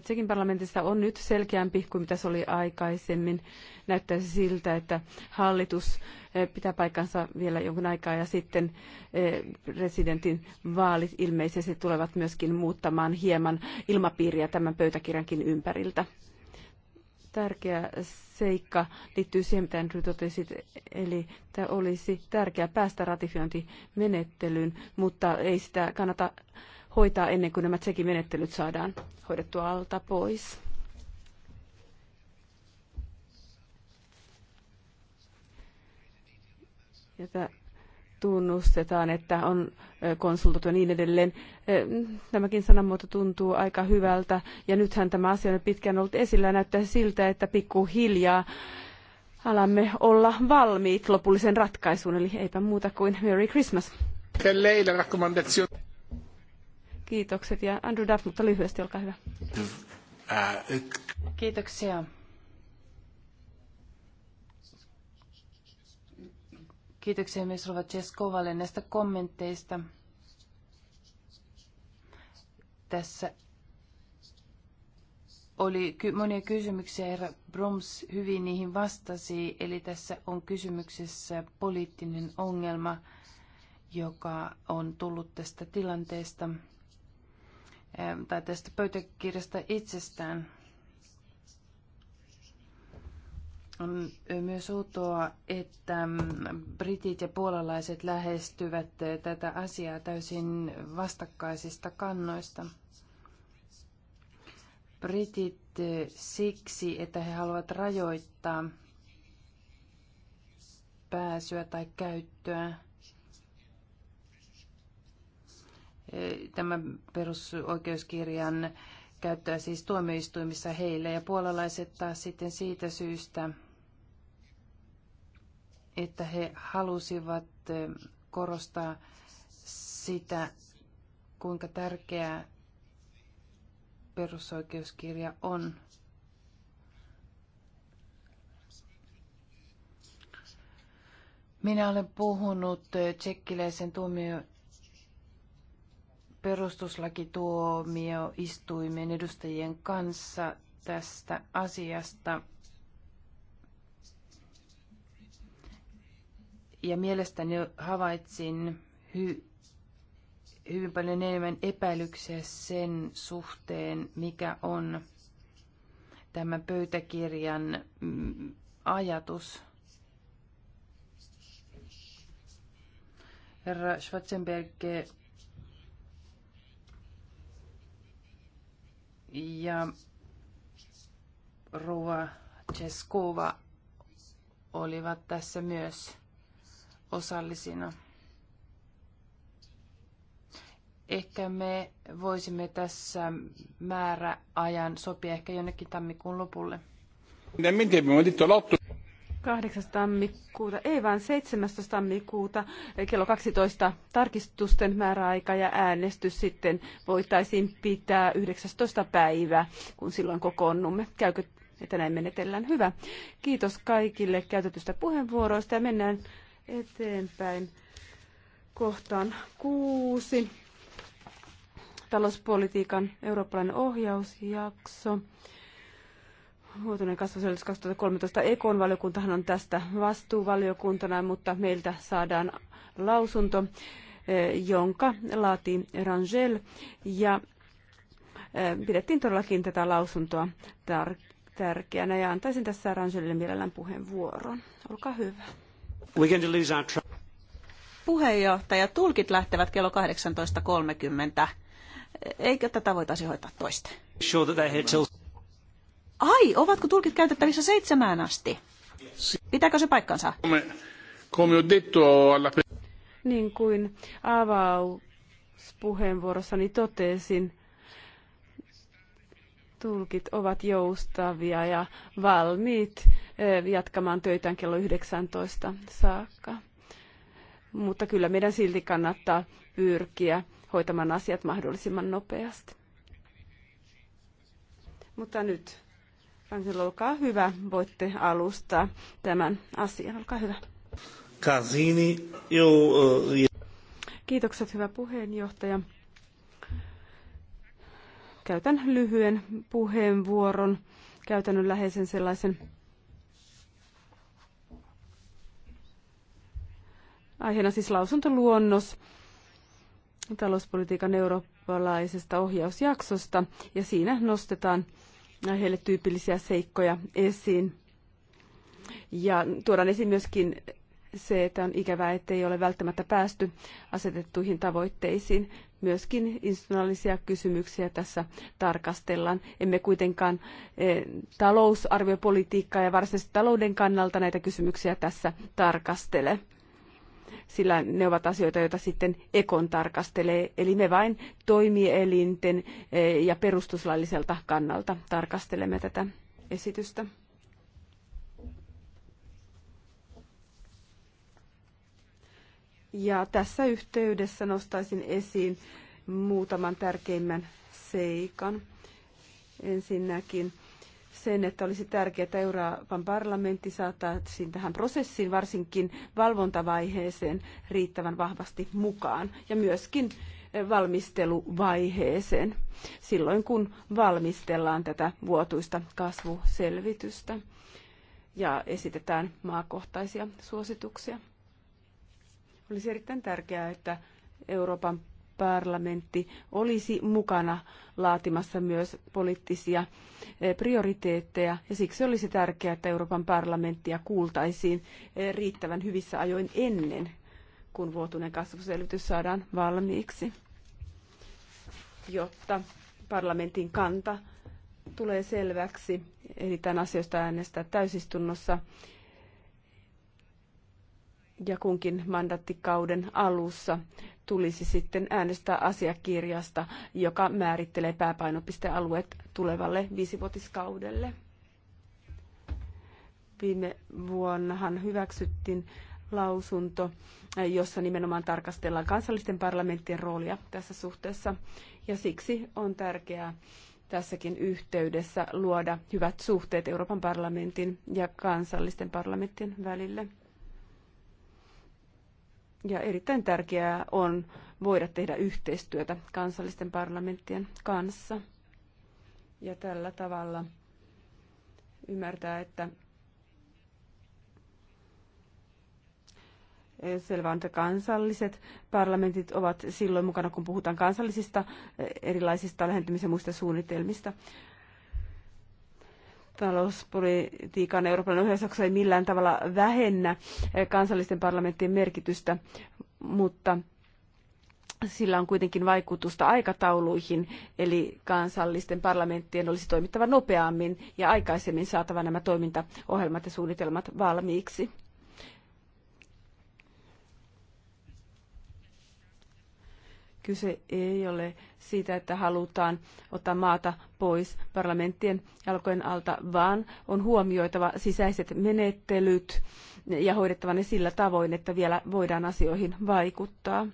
Tsekin parlamentista on nyt selkeämpi kuin mitä se oli aikaisemmin. Näyttäisi siltä, että hallitus eh, pitää paikkansa vielä jonkun aikaa ja sitten eh, presidentin vaalit ilmeisesti tulevat myöskin muuttamaan hieman ilmapiiriä tämän pöytäkirjankin ympäriltä tärkeä seikka liittyy siihen, mitä Andrew totesi, eli tämä olisi tärkeää päästä ratifiointimenettelyyn, mutta ei sitä kannata hoitaa ennen kuin nämä tsekin menettelyt saadaan hoidettua alta pois. ja tunnustetaan, että on konsultoitu ja niin edelleen. Tämäkin sanamuoto tuntuu aika hyvältä ja nythän tämä asia on pitkään ollut esillä ja näyttää siltä, että pikkuhiljaa alamme olla valmiit lopulliseen ratkaisuun, eli eipä muuta kuin Merry Christmas. Kiitokset ja Andrew Duff, mutta lyhyesti, olkaa hyvä. Kiitoksia. Kiitoksia myös Rova Cheskovalle näistä kommenteista. Tässä oli monia kysymyksiä, herra Broms hyvin niihin vastasi, eli tässä on kysymyksessä poliittinen ongelma, joka on tullut tästä tilanteesta tai tästä pöytäkirjasta itsestään. On myös outoa, että mm, britit ja puolalaiset lähestyvät tätä asiaa täysin vastakkaisista kannoista. Britit siksi, että he haluavat rajoittaa pääsyä tai käyttöä tämän perusoikeuskirjan käyttöä siis tuomioistuimissa heille ja puolalaiset taas sitten siitä syystä, että he halusivat eh, korostaa sitä, kuinka tärkeää perusoikeuskirja on. Minä olen puhunut eh, tsekkiläisen tuomio perustuslakituomioistuimen edustajien kanssa tästä asiasta. Ja mielestäni havaitsin hy- hyvin paljon enemmän epäilyksiä sen suhteen, mikä on tämän pöytäkirjan mm, ajatus. Herra Schwarzenberg Ja Rua Cheskova olivat tässä myös osallisina. Ehkä me voisimme tässä määräajan sopia ehkä jonnekin tammikuun lopulle. 8. tammikuuta, ei vaan 17. tammikuuta kello 12 tarkistusten määräaika ja äänestys sitten voitaisiin pitää 19. päivä, kun silloin kokoonnumme. Käykö, että näin menetellään? Hyvä. Kiitos kaikille käytetystä puheenvuoroista ja mennään eteenpäin kohtaan kuusi. Talouspolitiikan eurooppalainen ohjausjakso vuotuinen kasvuselvitys 2013. Ekon valiokuntahan on tästä vastuuvaliokuntana, mutta meiltä saadaan lausunto, eh, jonka laati Rangel. Ja eh, pidettiin todellakin tätä lausuntoa tärkeänä ja antaisin tässä Rangelille mielellään puheenvuoron. Olkaa hyvä. tra- Puheenjohtaja, tulkit lähtevät kello 18.30. Eikö tätä voitaisiin hoitaa toista? Sure Ai, ovatko tulkit käytettävissä seitsemään asti? Pitääkö se paikkansa? Niin kuin avauspuheenvuorossani totesin, tulkit ovat joustavia ja valmiit eh, jatkamaan töitään kello 19 saakka. Mutta kyllä meidän silti kannattaa pyrkiä hoitamaan asiat mahdollisimman nopeasti. Mutta nyt Frankel, olkaa hyvä. Voitte alustaa tämän asian. Olkaa hyvä. Casini, eu, eh, Kiitokset, hyvä puheenjohtaja. Käytän lyhyen puheenvuoron, läheisen sellaisen. Aiheena siis lausuntoluonnos talouspolitiikan eurooppalaisesta ohjausjaksosta, ja siinä nostetaan heille tyypillisiä seikkoja esiin. Ja tuodaan esiin myöskin se, että on ikävää, ei ole välttämättä päästy asetettuihin tavoitteisiin. Myöskin institutionaalisia kysymyksiä tässä tarkastellaan. Emme kuitenkaan e, talousarviopolitiikkaa ja varsinaisesti talouden kannalta näitä kysymyksiä tässä tarkastele sillä ne ovat asioita, joita sitten Ekon tarkastelee. Eli me vain toimielinten eh, ja perustuslailliselta kannalta tarkastelemme tätä esitystä. Ja tässä yhteydessä nostaisin esiin muutaman tärkeimmän seikan. Ensinnäkin sen, että olisi tärkeää, että Euroopan parlamentti saataisiin tähän prosessiin, varsinkin valvontavaiheeseen, riittävän vahvasti mukaan ja myöskin valmisteluvaiheeseen silloin, kun valmistellaan tätä vuotuista kasvuselvitystä ja esitetään maakohtaisia suosituksia. Olisi erittäin tärkeää, että Euroopan parlamentti olisi mukana laatimassa myös poliittisia eh, prioriteetteja ja siksi olisi tärkeää, että Euroopan parlamenttia kuultaisiin eh, riittävän hyvissä ajoin ennen kuin vuotuinen kasvuselvitys saadaan valmiiksi, jotta parlamentin kanta tulee selväksi, ehditään asioista äänestää täysistunnossa ja kunkin mandattikauden alussa tulisi sitten äänestää asiakirjasta, joka määrittelee pääpainopistealueet tulevalle viisivuotiskaudelle. Viime vuonnahan hyväksyttiin lausunto, jossa nimenomaan tarkastellaan kansallisten parlamenttien roolia tässä suhteessa. Ja siksi on tärkeää tässäkin yhteydessä luoda hyvät suhteet Euroopan parlamentin ja kansallisten parlamenttien välille. Ja erittäin tärkeää on voida tehdä yhteistyötä kansallisten parlamenttien kanssa. Ja tällä tavalla ymmärtää, että Selvä on, että kansalliset parlamentit ovat silloin mukana, kun puhutaan kansallisista erilaisista lähentymisen muista suunnitelmista talouspolitiikan Euroopan ohjausjakso ei millään tavalla vähennä eh, kansallisten parlamenttien merkitystä, mutta sillä on kuitenkin vaikutusta aikatauluihin, eli kansallisten parlamenttien olisi toimittava nopeammin ja aikaisemmin saatava nämä toimintaohjelmat ja suunnitelmat valmiiksi. Kyse ei ole siitä, että halutaan ottaa maata pois parlamenttien jalkojen alta, vaan on huomioitava sisäiset menettelyt ja hoidettava ne sillä tavoin, että vielä voidaan asioihin vaikuttaa.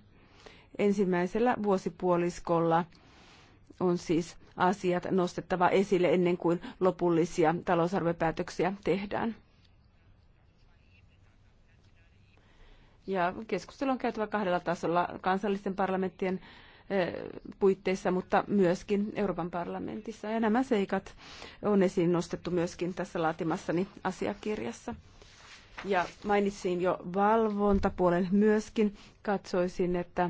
Ensimmäisellä vuosipuoliskolla on siis asiat nostettava esille ennen kuin lopullisia talousarvopäätöksiä tehdään. Ja keskustelu on käytävä kahdella tasolla, kansallisten parlamenttien eh, puitteissa, mutta myöskin Euroopan parlamentissa. Ja nämä seikat on esiin nostettu myöskin tässä laatimassani asiakirjassa. Ja mainitsin jo valvontapuolen myöskin. Katsoisin, että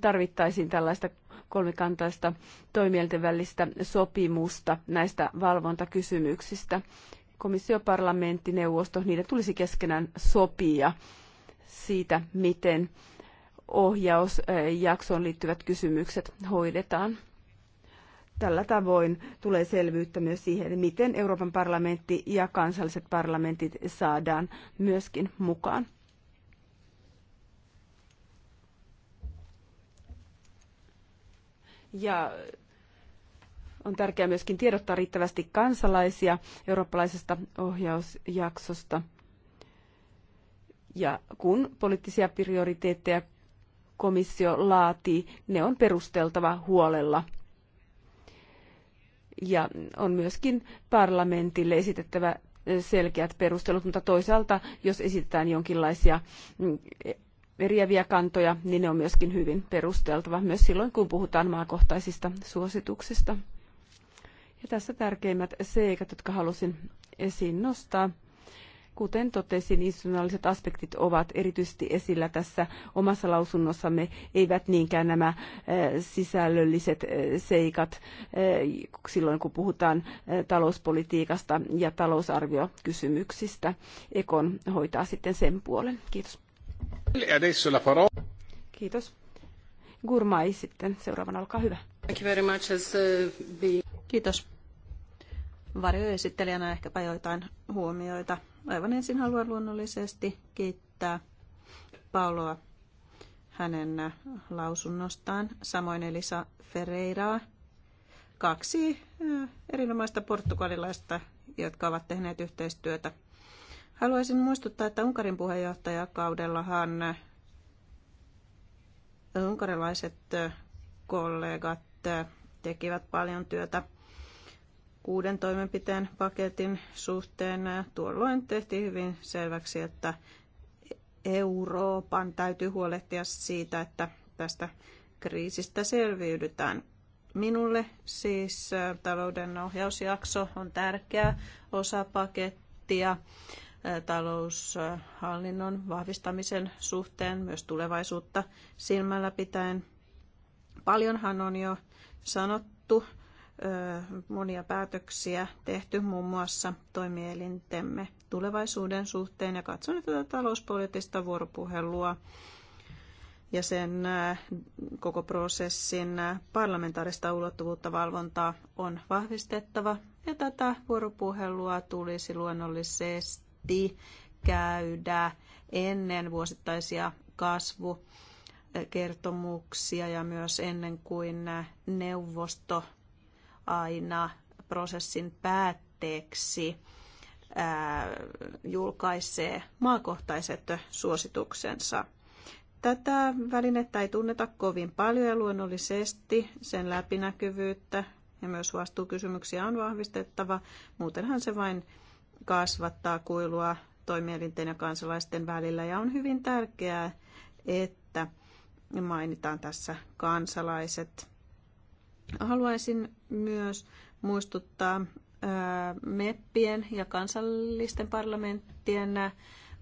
tarvittaisiin tällaista kolmikantaista toimielten välistä sopimusta näistä valvontakysymyksistä komissio, parlamentti, neuvosto, niiden tulisi keskenään sopia siitä, miten ohjausjaksoon liittyvät kysymykset hoidetaan. Tällä tavoin tulee selvyyttä myös siihen, miten Euroopan parlamentti ja kansalliset parlamentit saadaan myöskin mukaan. Ja on tärkeää myöskin tiedottaa riittävästi kansalaisia eurooppalaisesta ohjausjaksosta. Ja kun poliittisia prioriteetteja komissio laatii, ne on perusteltava huolella. Ja on myöskin parlamentille esitettävä selkeät perustelut, mutta toisaalta, jos esitetään jonkinlaisia mm, eriäviä kantoja, niin ne on myöskin hyvin perusteltava, myös silloin, kun puhutaan maakohtaisista suosituksista. Ja tässä tärkeimmät seikat, jotka halusin esiin nostaa. Kuten totesin, institutionaaliset aspektit ovat erityisesti esillä tässä omassa lausunnossamme, eivät niinkään nämä eh, sisällölliset eh, seikat eh, silloin, kun puhutaan talouspolitiikasta ja talousarviokysymyksistä. Ekon hoitaa sitten sen puolen. Kiitos. E Kiitos. Gurmai sitten seuraavana, olkaa hyvä. Thank you very much as, uh, Kiitos. Varjoesittelijänä ehkäpä joitain huomioita. Aivan ensin haluan luonnollisesti kiittää Pauloa hänen lausunnostaan, samoin Elisa Ferreiraa. Kaksi eh, erinomaista portugalilaista, jotka ovat tehneet yhteistyötä. Haluaisin muistuttaa, että Unkarin puheenjohtajakaudellahan unkarilaiset eh, kollegat eh, tekivät paljon työtä kuuden toimenpiteen paketin suhteen. Tuolloin tehtiin hyvin selväksi, että Euroopan täytyy huolehtia siitä, että tästä kriisistä selviydytään. Minulle siis talouden ohjausjakso on tärkeä osa pakettia taloushallinnon vahvistamisen suhteen myös tulevaisuutta silmällä pitäen. Paljonhan on jo sanottu monia päätöksiä tehty muun muassa toimielintemme tulevaisuuden suhteen ja katson, että tätä talouspoliittista vuoropuhelua ja sen koko prosessin parlamentaarista ulottuvuutta valvontaa on vahvistettava ja tätä vuoropuhelua tulisi luonnollisesti käydä ennen vuosittaisia kasvu kertomuksia ja myös ennen kuin neuvosto aina prosessin päätteeksi julkaisee maakohtaiset suosituksensa. Tätä välinettä ei tunneta kovin paljon ja luonnollisesti sen läpinäkyvyyttä ja myös vastuukysymyksiä on vahvistettava. Muutenhan se vain kasvattaa kuilua toimielinten ja kansalaisten välillä ja on hyvin tärkeää, että mainitaan tässä kansalaiset Haluaisin myös muistuttaa MEPPien ja kansallisten parlamenttien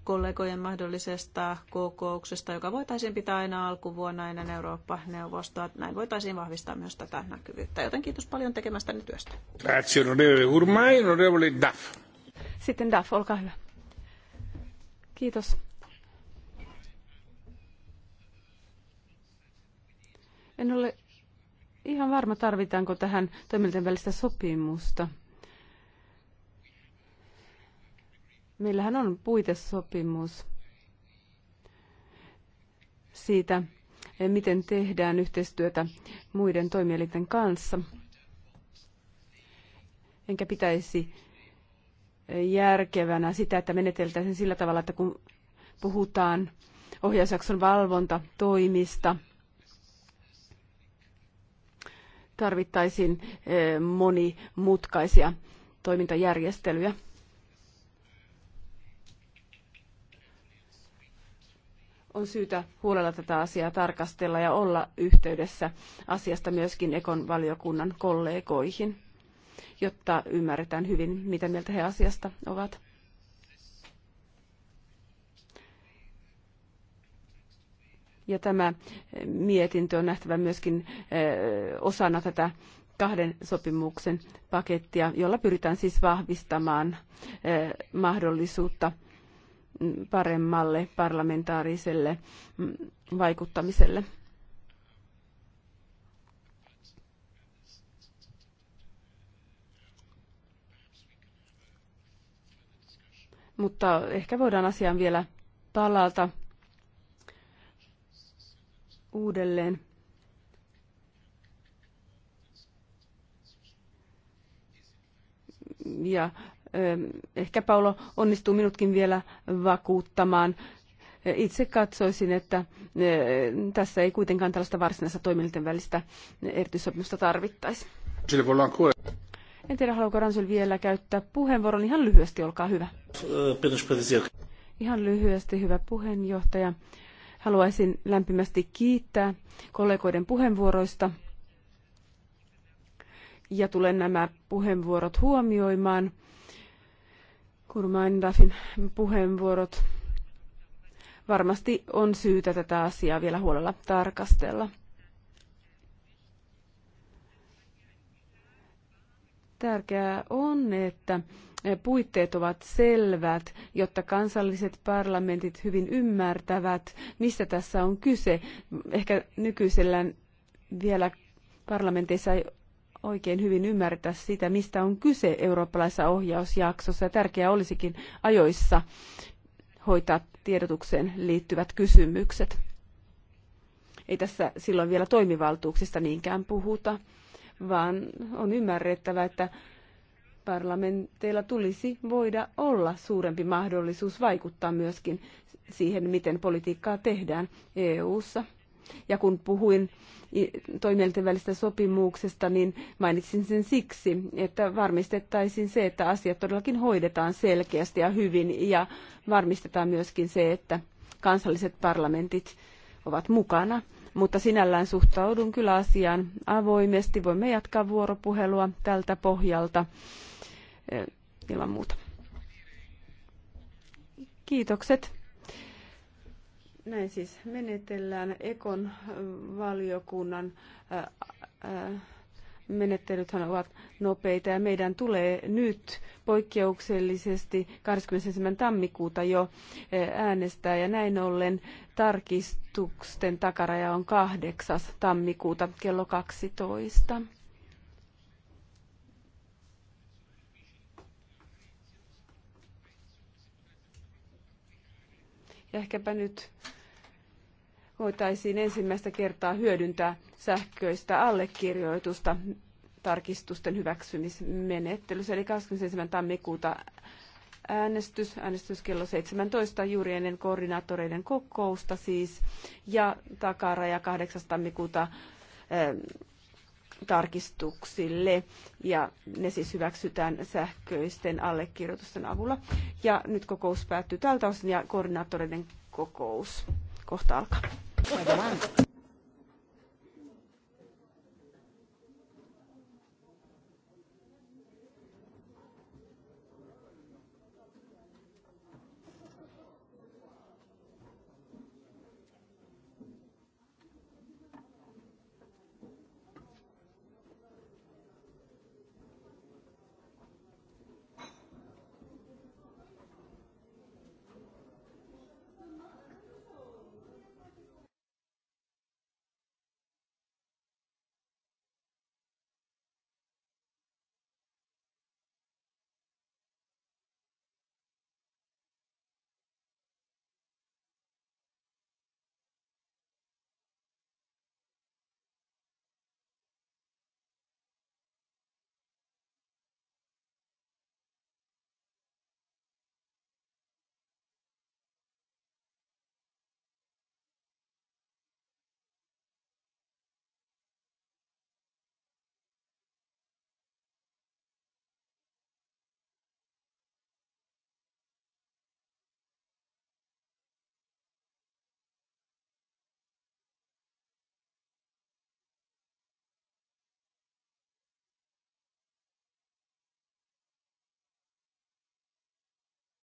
kollegojen mahdollisesta kokouksesta, joka voitaisiin pitää aina alkuvuonna ennen Eurooppa-neuvostoa. Näin voitaisiin vahvistaa myös tätä näkyvyyttä. Joten kiitos paljon tekemästäni työstä. Sitten DAF olkaa hyvä. Kiitos. En ole ihan varma, tarvitaanko tähän toimijoiden välistä sopimusta. Meillähän on puitesopimus siitä, miten tehdään yhteistyötä muiden toimielinten kanssa. Enkä pitäisi järkevänä sitä, että meneteltäisiin sillä tavalla, että kun puhutaan ohjausjakson valvontatoimista – tarvittaisiin eh, monimutkaisia toimintajärjestelyjä. on syytä huolella tätä asiaa tarkastella ja olla yhteydessä asiasta myöskin Ekon valiokunnan kollegoihin, jotta ymmärretään hyvin, mitä mieltä he asiasta ovat. Ja tämä eh, mietintö on nähtävä myöskin eh, osana tätä kahden sopimuksen pakettia, jolla pyritään siis vahvistamaan eh, mahdollisuutta mm, paremmalle parlamentaariselle mm, vaikuttamiselle. Mutta ehkä voidaan asiaan vielä palata uudelleen. Ja ähm, ehkä Paulo onnistuu minutkin vielä vakuuttamaan. Itse katsoisin, että äh, tässä ei kuitenkaan tällaista varsinaista toimielinten välistä erityissopimusta tarvittaisi. En tiedä, haluaako Ransel vielä käyttää puheenvuoron. Ihan lyhyesti, olkaa hyvä. Äh, Ihan lyhyesti, hyvä puheenjohtaja. Haluaisin lämpimästi kiittää kollegoiden puheenvuoroista ja tulen nämä puheenvuorot huomioimaan. Kurmain Dafin puheenvuorot. Varmasti on syytä tätä asiaa vielä huolella tarkastella. Tärkeää on, että puitteet ovat selvät, jotta kansalliset parlamentit hyvin ymmärtävät, mistä tässä on kyse. Ehkä nykyisellään vielä parlamenteissa ei oikein hyvin ymmärtää sitä, mistä on kyse eurooppalaisessa ohjausjaksossa. Ja tärkeää olisikin ajoissa hoitaa tiedotukseen liittyvät kysymykset. Ei tässä silloin vielä toimivaltuuksista niinkään puhuta vaan on ymmärrettävä, että parlamenteilla tulisi voida olla suurempi mahdollisuus vaikuttaa myöskin siihen, miten politiikkaa tehdään EU:ssa. Ja kun puhuin toimielinten välistä sopimuksesta, niin mainitsin sen siksi, että varmistettaisiin se, että asiat todellakin hoidetaan selkeästi ja hyvin ja varmistetaan myöskin se, että kansalliset parlamentit ovat mukana mutta sinällään suhtaudun kyllä asiaan avoimesti. Voimme jatkaa vuoropuhelua tältä pohjalta e, ilman muuta. Kiitokset. Näin siis menetellään Ekon valiokunnan menettelythän ovat nopeita ja meidän tulee nyt poikkeuksellisesti 21. tammikuuta jo eh, äänestää ja näin ollen tarkistuksen takaraja on 8. tammikuuta kello 12. Ja ehkäpä nyt voitaisiin ensimmäistä kertaa hyödyntää sähköistä allekirjoitusta tarkistusten hyväksymismenettelyssä. Eli 21. tammikuuta äänestys, äänestys kello 17 juuri ennen koordinaattoreiden kokousta siis, ja takaraja 8. tammikuuta ähm, tarkistuksille, ja ne siis hyväksytään sähköisten allekirjoitusten avulla. Ja nyt kokous päättyy tältä osin, ja koordinaattoreiden kokous kohta alkaa. By the